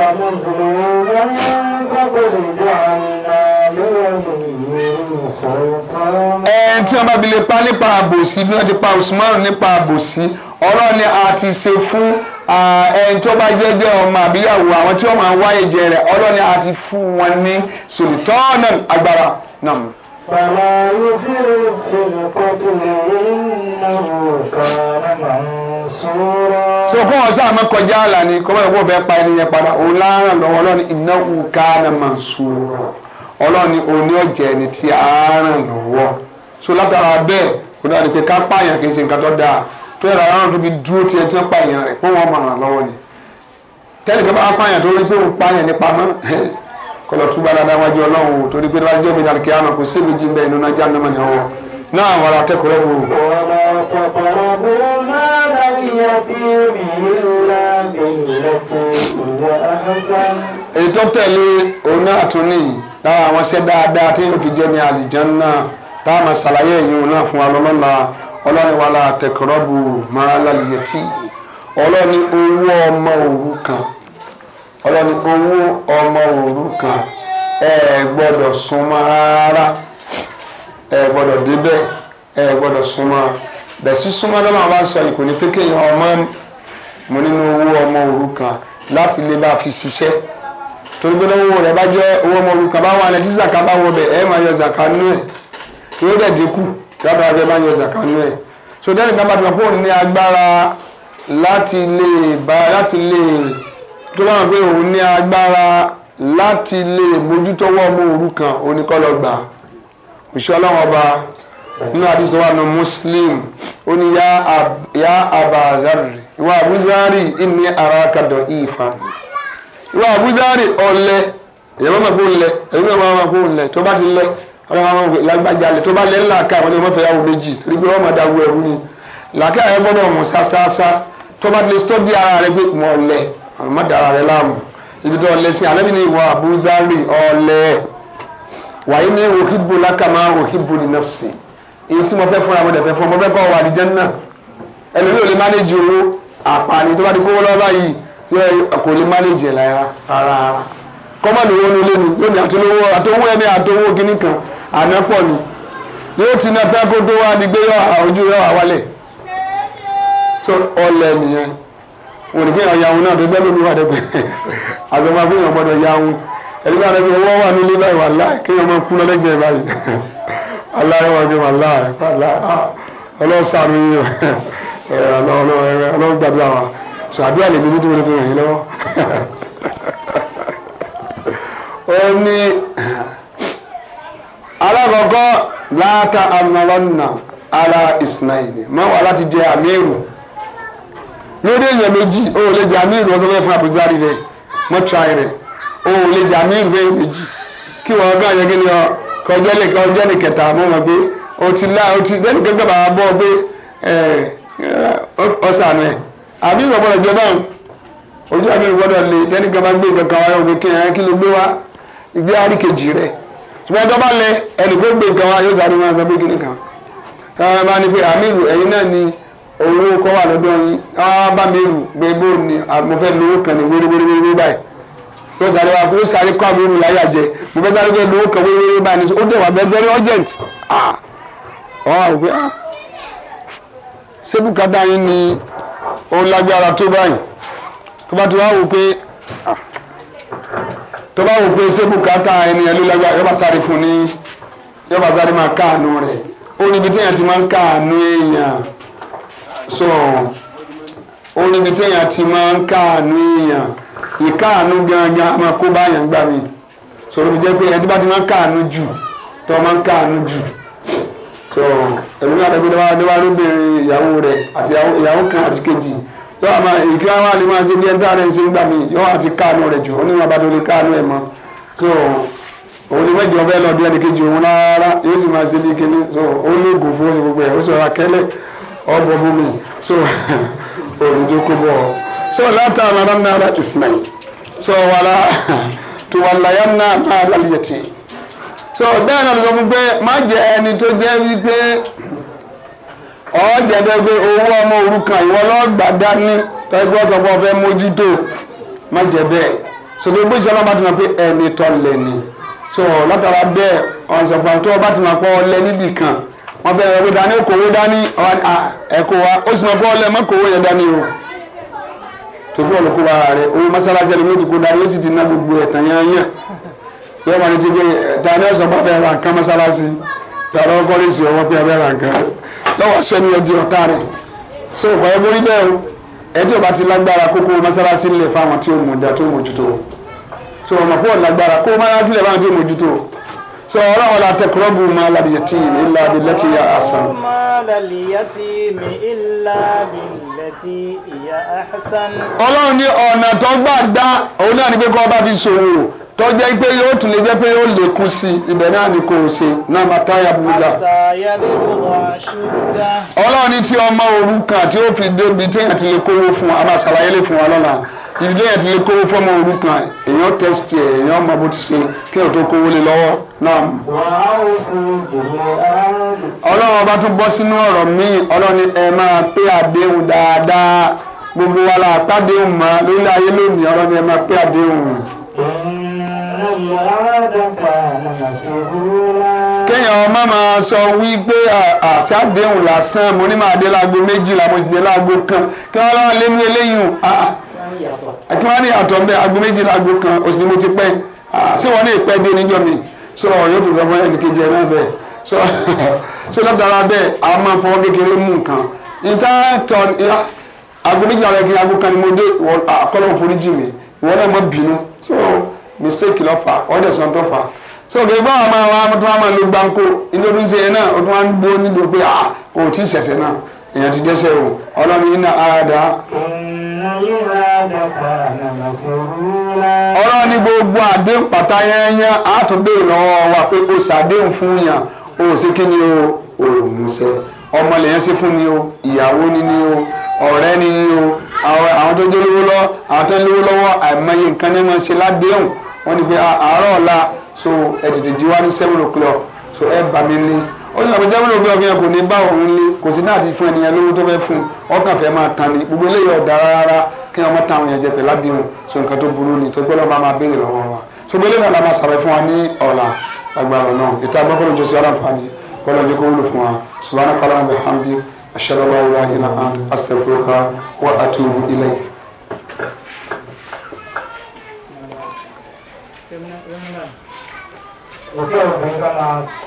ẹn tí wọn bá bi lè pa nípa àbòsí bí wọn ti pa Usman nípa àbòsí ọ̀rọ̀ ni a ti ṣe fún ẹni tó bá jẹ́jẹ́ ọmọ àbíyàwó àwọn tí wọ́n máa ń wáyé jẹ rẹ̀ ọ̀rọ̀ ni a ti fún wọn ní sòlítọ́ọ̀nù agbára náà. bàbá yóò sì rí ìrìnkọ́ tó so fún ọsẹ àmọ́ kọjá àlà ni kọmọ ìwọ bẹ pa ẹni yẹn padà òun láràn lọ́wọ́ ọlọni ìnáwó kánà mansura ọlọni òní ọjẹ ẹni tí a ràn so látara bẹ́ẹ̀ kò dáa ni pé ká pààyàn kì í ṣe nǹkan tó dáa tó yẹra àwọn tó fi dúró tiẹ̀ tí wọn pààyàn rẹ kó wọn mọ ràn lọ́wọ́ ni tẹ́lẹ̀ kí wọn bá pààyàn tó rí pé òun pààyàn ní pamọ́ kọlọ túbà dáadáa wájú Ọlọ́run torí pé wọn jẹ òmìnira kí á nà kó sébi jí bẹ́ẹ̀ nínú ajá nàmọ ni ọwọ́ náà wàrà tẹkùrẹ́ wò. ọ̀rọ̀ ṣàkàrà bó máa láyé tí mi ńlá mi lọ́tọ̀ ìwà àhásá. ètò tẹ̀lé òun náà tún nìyí lára àwọn iṣẹ́ dáadáa tí yóò fi jẹ́ ní àlìjánná táà máa ṣàlàyé ẹ̀yìn òun náà fún wa lọ́lọ́la ọlọ́run wàrà tẹkùrẹ́ bò máa láyé tí ọlọ́ni owó ọmọ òru kan ọlọ́ni owó ọmọ òru kan ẹ gbọ́dọ̀ súnmọ́ rárá ẹ gbọ́dọ̀ débẹ̀ ẹ gbọ́dọ̀ súnmọ́ bẹ̀ sísúnmọ́ lọ́wọ́ àwọn aṣọ yìí kò ní pé kéèyàn ọmọ mo nínú owó ọmọ òrukàn láti lè bá a fi ṣiṣẹ́ torí pé lọ́wọ́ owó rẹ̀ bá jẹ́ owó ọmọ òrukàn bá wọn ẹ̀ tí bá wọ bẹ̀ ẹ̀ máa yọ zaka nú ẹ̀ kí dẹ̀ dínkù dábàá bẹ́ẹ̀ máa yọ zaka nú ẹ̀ so dẹ́rẹ́ ìgbà bàtà fóun ní agbára láti lè bá láti lè tó bá wọn pé òun ní agbára láti lè mójútó owó ọmọ òrukàn oníkọ́lọ́gbàá òṣìṣẹ́ ọlọ́run ọba nínú àdìsọ wa nu muslim ó ní yá abazari ìwà abuzari ìní ara kadàn ìfà ìwà abuzari ọ̀lẹ èyí máa gbó ńlẹ èyí máa máa gbó ńlẹ tó bá ti lẹ ọlọ́run máa gbó lágbájá lẹ tó bá lẹ ńlá ká àwọn ọmọ fẹ́ yàwó méjì torí pé wọ́n máa da owó ni làákẹ́ àwọn gbọ́dọ̀ mọ̀ sáásáásá tó bá lè sọ́dí ara rẹ pé mọ̀ ọ̀lẹ àwọn má da rẹ láàmú ibi tó ọ̀lẹ sí àlẹ́ mi ni ìwà abuzari ọ̀lẹ wàyí ní òhìbò lákàmá òhìbò ní nọ́ọ̀sì èyí tí mo fẹ́ fún àwọn ẹ̀fẹ́ fún ọmọ bẹ́ẹ̀ bá wà ní jẹ́nà ẹlòmíì ò lè mánéjì owó àpààní tó bá di kówó lọ́wọ́ báyìí kò lè mánéjì ẹ̀ lára rárá kọ́mọ̀nì owó ni lẹ́nu lónìí àtolówó àtowó ẹni àtowó gíní kan ànápọ̀ ni yóò ti ná pẹ́ kó tó wá ní gbé yọ ojú yọ àwálẹ̀ tó ọlẹ̀ nìyẹn òní kéèyàn yahun náà tó gbẹ́ lómi wà dẹ́gbẹ́ [laughs] àgbẹ̀mọ́ ẹni bá rẹbi owó wà nílé báyìí wà láì kéèyàn máa kú lọ́lẹ́gbẹ̀ẹ́ báyìí aláì wà ní wà láì ah, ọlọ́sàánú yìí ọlọ́gbàdúrà wa sọ àdúrà lèmi nítorí wọn fi ràn yín lọ́wọ́. [laughs] ó ní alákọ̀ọ́kọ́ láta amọ̀lọ́nà ala isnaili mọ́ wà láti jẹ amíru lórí èèyàn méjì ó lè jẹ amíru ọ̀sán lẹ́yìn fún àpòsílárì rẹ̀ mọ́ rẹ̀ òun ò lè jà ní ìwé méjì kí wọn gbà yẹn kí ni ọ kọjọ lè kọjọ lè kẹta mọ wọn pé o ti lá o ti bẹ́ẹ̀ni pé bàbá bọ pé ọsàn ẹ àbí ìrọ̀bọ̀rọ̀ jẹ báwọn ojú àmì ìgbọ́dọ̀ lè tẹ́ni kan bá gbé nǹkan kan wáyé òun kí ẹ̀yán kí ló gbé wá ìgbé àríkèjì rẹ̀ ṣùgbọ́n ọjọ́ bá lẹ ẹnì pé gbé nǹkan wá yóò sáré wọn sọ pé kí nìkan káwọn bá ní pé àmìrù ẹ̀yin náà ni owó kọ́ wà lọ́dọ̀ yín káwọn bá mi rù gbé bóun ni lówó kan ní wéréwéré báyìí yóò sáré wa kó sáré kó àbúrò mi láyà jẹ mo fẹ́ sáré kó ẹnu ó kàn wéwé wéwé báyìí ó dẹ̀ wà bẹ́ẹ̀ very urgent ah ọ̀ àwọn pé ah sébùkátà yín ni ó lágbára tó báyìí tó bá ti wá wò pé ah tó bá wò pé sébùkátà ẹni ẹ ló lágbára yóò bá sáré fún ní yóò bá sáré máa káànú rẹ̀ ó níbi téèyàn ti máa ń káànú èèyàn so ó níbi téèyàn ti máa ń káànú èèyàn ìkáàánú gangan a máa kó báyàn gbà mí sọ̀rọ̀ mi jẹ́ pé ẹni tó bá ti máa ń káàánú jù tó máa ń káàánú jù tó ẹ̀mí náà tẹ́gbẹ́ tó bá tó bá ló béèrè ìyàwó rẹ̀ àti ìyàwó kan àti kejì yóò àmà ìkí àwọn àlè máa ṣe bí ẹni tó àrẹ ń ṣe ń gbà mí yóò àti káàánú rẹ̀ jù onímọ̀ abadó lè káàánú ẹ̀ mọ́ tó òun ni mẹ́jọ bẹ́ẹ̀ lọ bí ẹni kejì òun rárá yóò sì máa ṣe bí kíní tó ó ní ògùn fún oṣù gbogbo ẹ̀ ó sì so [laughs] òun tó so látàrí ọ̀nà náírà ismail so wàlá tùwàlàyà náà máa lálẹ́ tì so bẹ́ẹ̀ náà lọ gbé má jẹ ẹni tó jẹ́ wípé ọ̀ọ́dẹ̀dẹ̀ pé owó ọmọ òrukàn ìwọ lọ́gbà dání tẹ́gbọ́n tó bọ́ fẹ́ mójútó má jẹ bẹ́ẹ̀ so gbogbo ìṣẹ́ ọlọ́ba ti mọ̀ pé ẹni tọ́ lẹ́ni so látara bẹ́ẹ̀ ọ̀sọ̀gbọ̀n tó ọba ti mọ̀ pé ọlẹ́ níbì kan wọ́n fẹ́ ẹ̀rọ pé dání okòwò dání ẹ̀kọ́ wa ó sì mọ̀ pé ọlẹ́ mọ́kòwò yẹn dání o torí ọ̀lọ́ kó bára rẹ̀ owó mọ́sálásí ẹni méjì kó darí ó sì ti ná gbogbo ẹ̀tàn yẹn yẹn yóò máa ní ti gbé dání ọ̀sán bá bẹ̀rẹ̀ nǹkan mọ́sálásí tààrà ọkọ lè sì ọwọ́ pé ẹ bẹ̀rẹ̀ nǹkan lọ́wọ́ sọ ẹni ọdí ọ̀tá rẹ̀ so ìfọyọ́ borí bẹ́ẹ̀ o ẹtí ọba ti lágbára kókó mọ́sálásí lẹ̀ fáwọn tí ó mú da tó mójútó so ọmọ pọ̀ lágbára kó mọ́sálásí lẹ̀ fáwọn tí ó mójútó so ọlọ́run la tẹkọrọ bu ma la yẹ tí mi illa billati ya ahsan. ọlọ́run ní ọ̀nà tó gbà dá òun náà ni pé kọ́ bá fi ṣòwò tó jẹ́ pé yóò tún lè jẹ́ pé yóò lékún sí ibẹ̀ náà ni kò ṣe náà máa táyà búdà. ọlọ́run ní tí ọmọ òrukàn tí ó fi débi téèyàn ti lè kówó fún a máa ṣàlàyé lè fún wa lọ́la ìdí ẹ̀ ti lè kówó fọ́mọ orúkọ ẹ̀ èèyàn tẹ́sítì ẹ̀ èèyàn máa bó ti ṣe kí ẹ̀ tó kówó lé lọ́wọ́ náà. ọlọ́run ọba tún bọ́ sínú ọ̀rọ̀ míì ọlọ́ni ẹ máa pé àdéhùn dáadáa gbogbo wa la àpádéhùn mọ́ lórí ayé lónìí ọlọ́ni ẹ máa pé àdéhùn. kéèyàn ọmọ máa sọ wípé àṣàdéhùn lásán mo ní máa dé láago méjìlá mo sì dé láago kan kí wọ́n lọ́ọ́ lé ní eléyìí ẹ̀kí wọ́n á ní àtọ̀ bẹ́ẹ̀ agbo méjìlá agbo kan òsì ni mo ti pẹ́ ṣé wọ́n lè pẹ́ dé níjọ́ mi so yóò tó fọwọ́ ẹnìkejì ẹ̀ náà bẹ́ẹ̀ so [laughs] so lọ́dọ̀ọ́ra bẹ́ẹ̀ a máa fọwọ́ kékeré mú nǹkan níta tọ́ agbo méjìlá kí agbo kan ni mo dé àkọ́lọ́ òforíjì mi ìwọ náà mọ̀ bínú so mistake lọ fà ọ̀dẹ̀ sọ̀ tó fà so kì í bá àwọn àwọn amọ̀tò àmọ̀ ló gbáǹkó ilé orí ṣe yẹn náà ó tún wá ń gbó nílò pé ah kò tí ì ṣẹ̀ṣẹ̀ náà èèyàn ti dẹ́ṣẹ̀ o ọlọ́run yìí náà á dáa ọ̀rọ̀ ni gbogbo àdéhùn pàtà yẹ́nyẹ́ àtúndé lọ́wọ́ wa pé o ṣàdéhùn fún yàn o ṣe kí ni o ò múṣẹ ọmọ lèyẹn ṣe fún ni o ìyàwó ni ni o ọ̀rẹ́ ni ni o àwọn tó jẹ́ lówó lọ́wọ́ àwọn tó ń lówó lọ́wọ́ àìmọye nǹkan ní wọ́n ṣe ládéhùn wọ́n ní pé àárọ̀ ọ̀la so ẹ̀ tètè jí wá ní seven o'clock so ẹ bá mi ní ó ní ọ̀pẹ jẹ́wọ́n lóbi ọ̀gbìn kò ní bá òun lé kò sí náà ti fún ẹnìyẹn lówó tó fẹ́ fún ọkàn fẹ́ máa tan ni gbogbo eléyìí ọ̀dà rárá kí wọ́n mọ́ta àwọn yẹn jẹ pẹ̀lú àdéhùn so nǹkan tó burú ni tó gbọ́dọ̀ máa máa béèrè lọ́wọ́ wa so gbogbo eléyìí náà máa sàrẹ́ fún wa ní ọ̀la agbára náà ètò agbábọ́lù jọ sí aláǹfààní kọ́lọ́ jẹ́ kó wúlò fún wa subhana